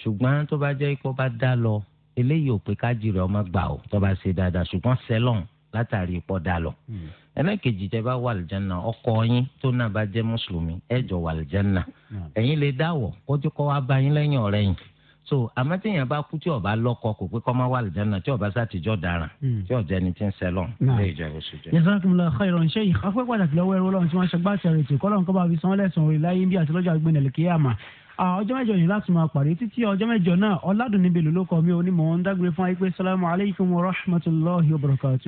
Speaker 2: ṣùgbọ́n tó bá jẹ́ pé ó bá dá lọ eléyìí ò pé kájì rẹ̀ ọmọ gbà ó tó bá ṣe dáadáa ṣùgbọ́n sẹ́lọ̀n látàrí ipò dá lọ. Hmm. ẹlẹ́kejì tẹ́ bá wà lìjánná ọkọ yín tó náà bá jẹ́ mùsùlùmí ẹ wà lìjánná ẹ̀yin lè dáwọ̀ kójú kọ́ wá bá yín lẹ́yìn ọ̀rẹ́ so àmọ́ téèyàn bá kú tí ọba lọ́kọ kò pé kọ́ máa wà lìjánà tí ọba sátìjọ́ dara hmm. tí ọ̀jẹ̀ ni ti ń sẹ́lọ̀ lè jẹ́ oṣù jẹ́.
Speaker 1: jazakumullah khairan sheikh afẹ́ pàtàkì lọ́wọ́ ẹrú ọlọ́run tí wọ́n ṣe gbá àti ẹ̀rẹ̀tì kọ́lọ́run kọ́ bá fi sanwó lẹ́sàn-án orí láyé bí àti lọ́jọ́ àgbẹ̀nẹ̀ lè kíyàmà ọjọ́ mẹ́jọ yìí láti máa pàdé títí ọjọ́ mẹ́jọ náà ọ̀làdùn níbi lòlókọ̀ mi ò ní mọ̀ ń dágbére fún ayé pé sálámù alaykum wa rahmatulahi wa barakatu.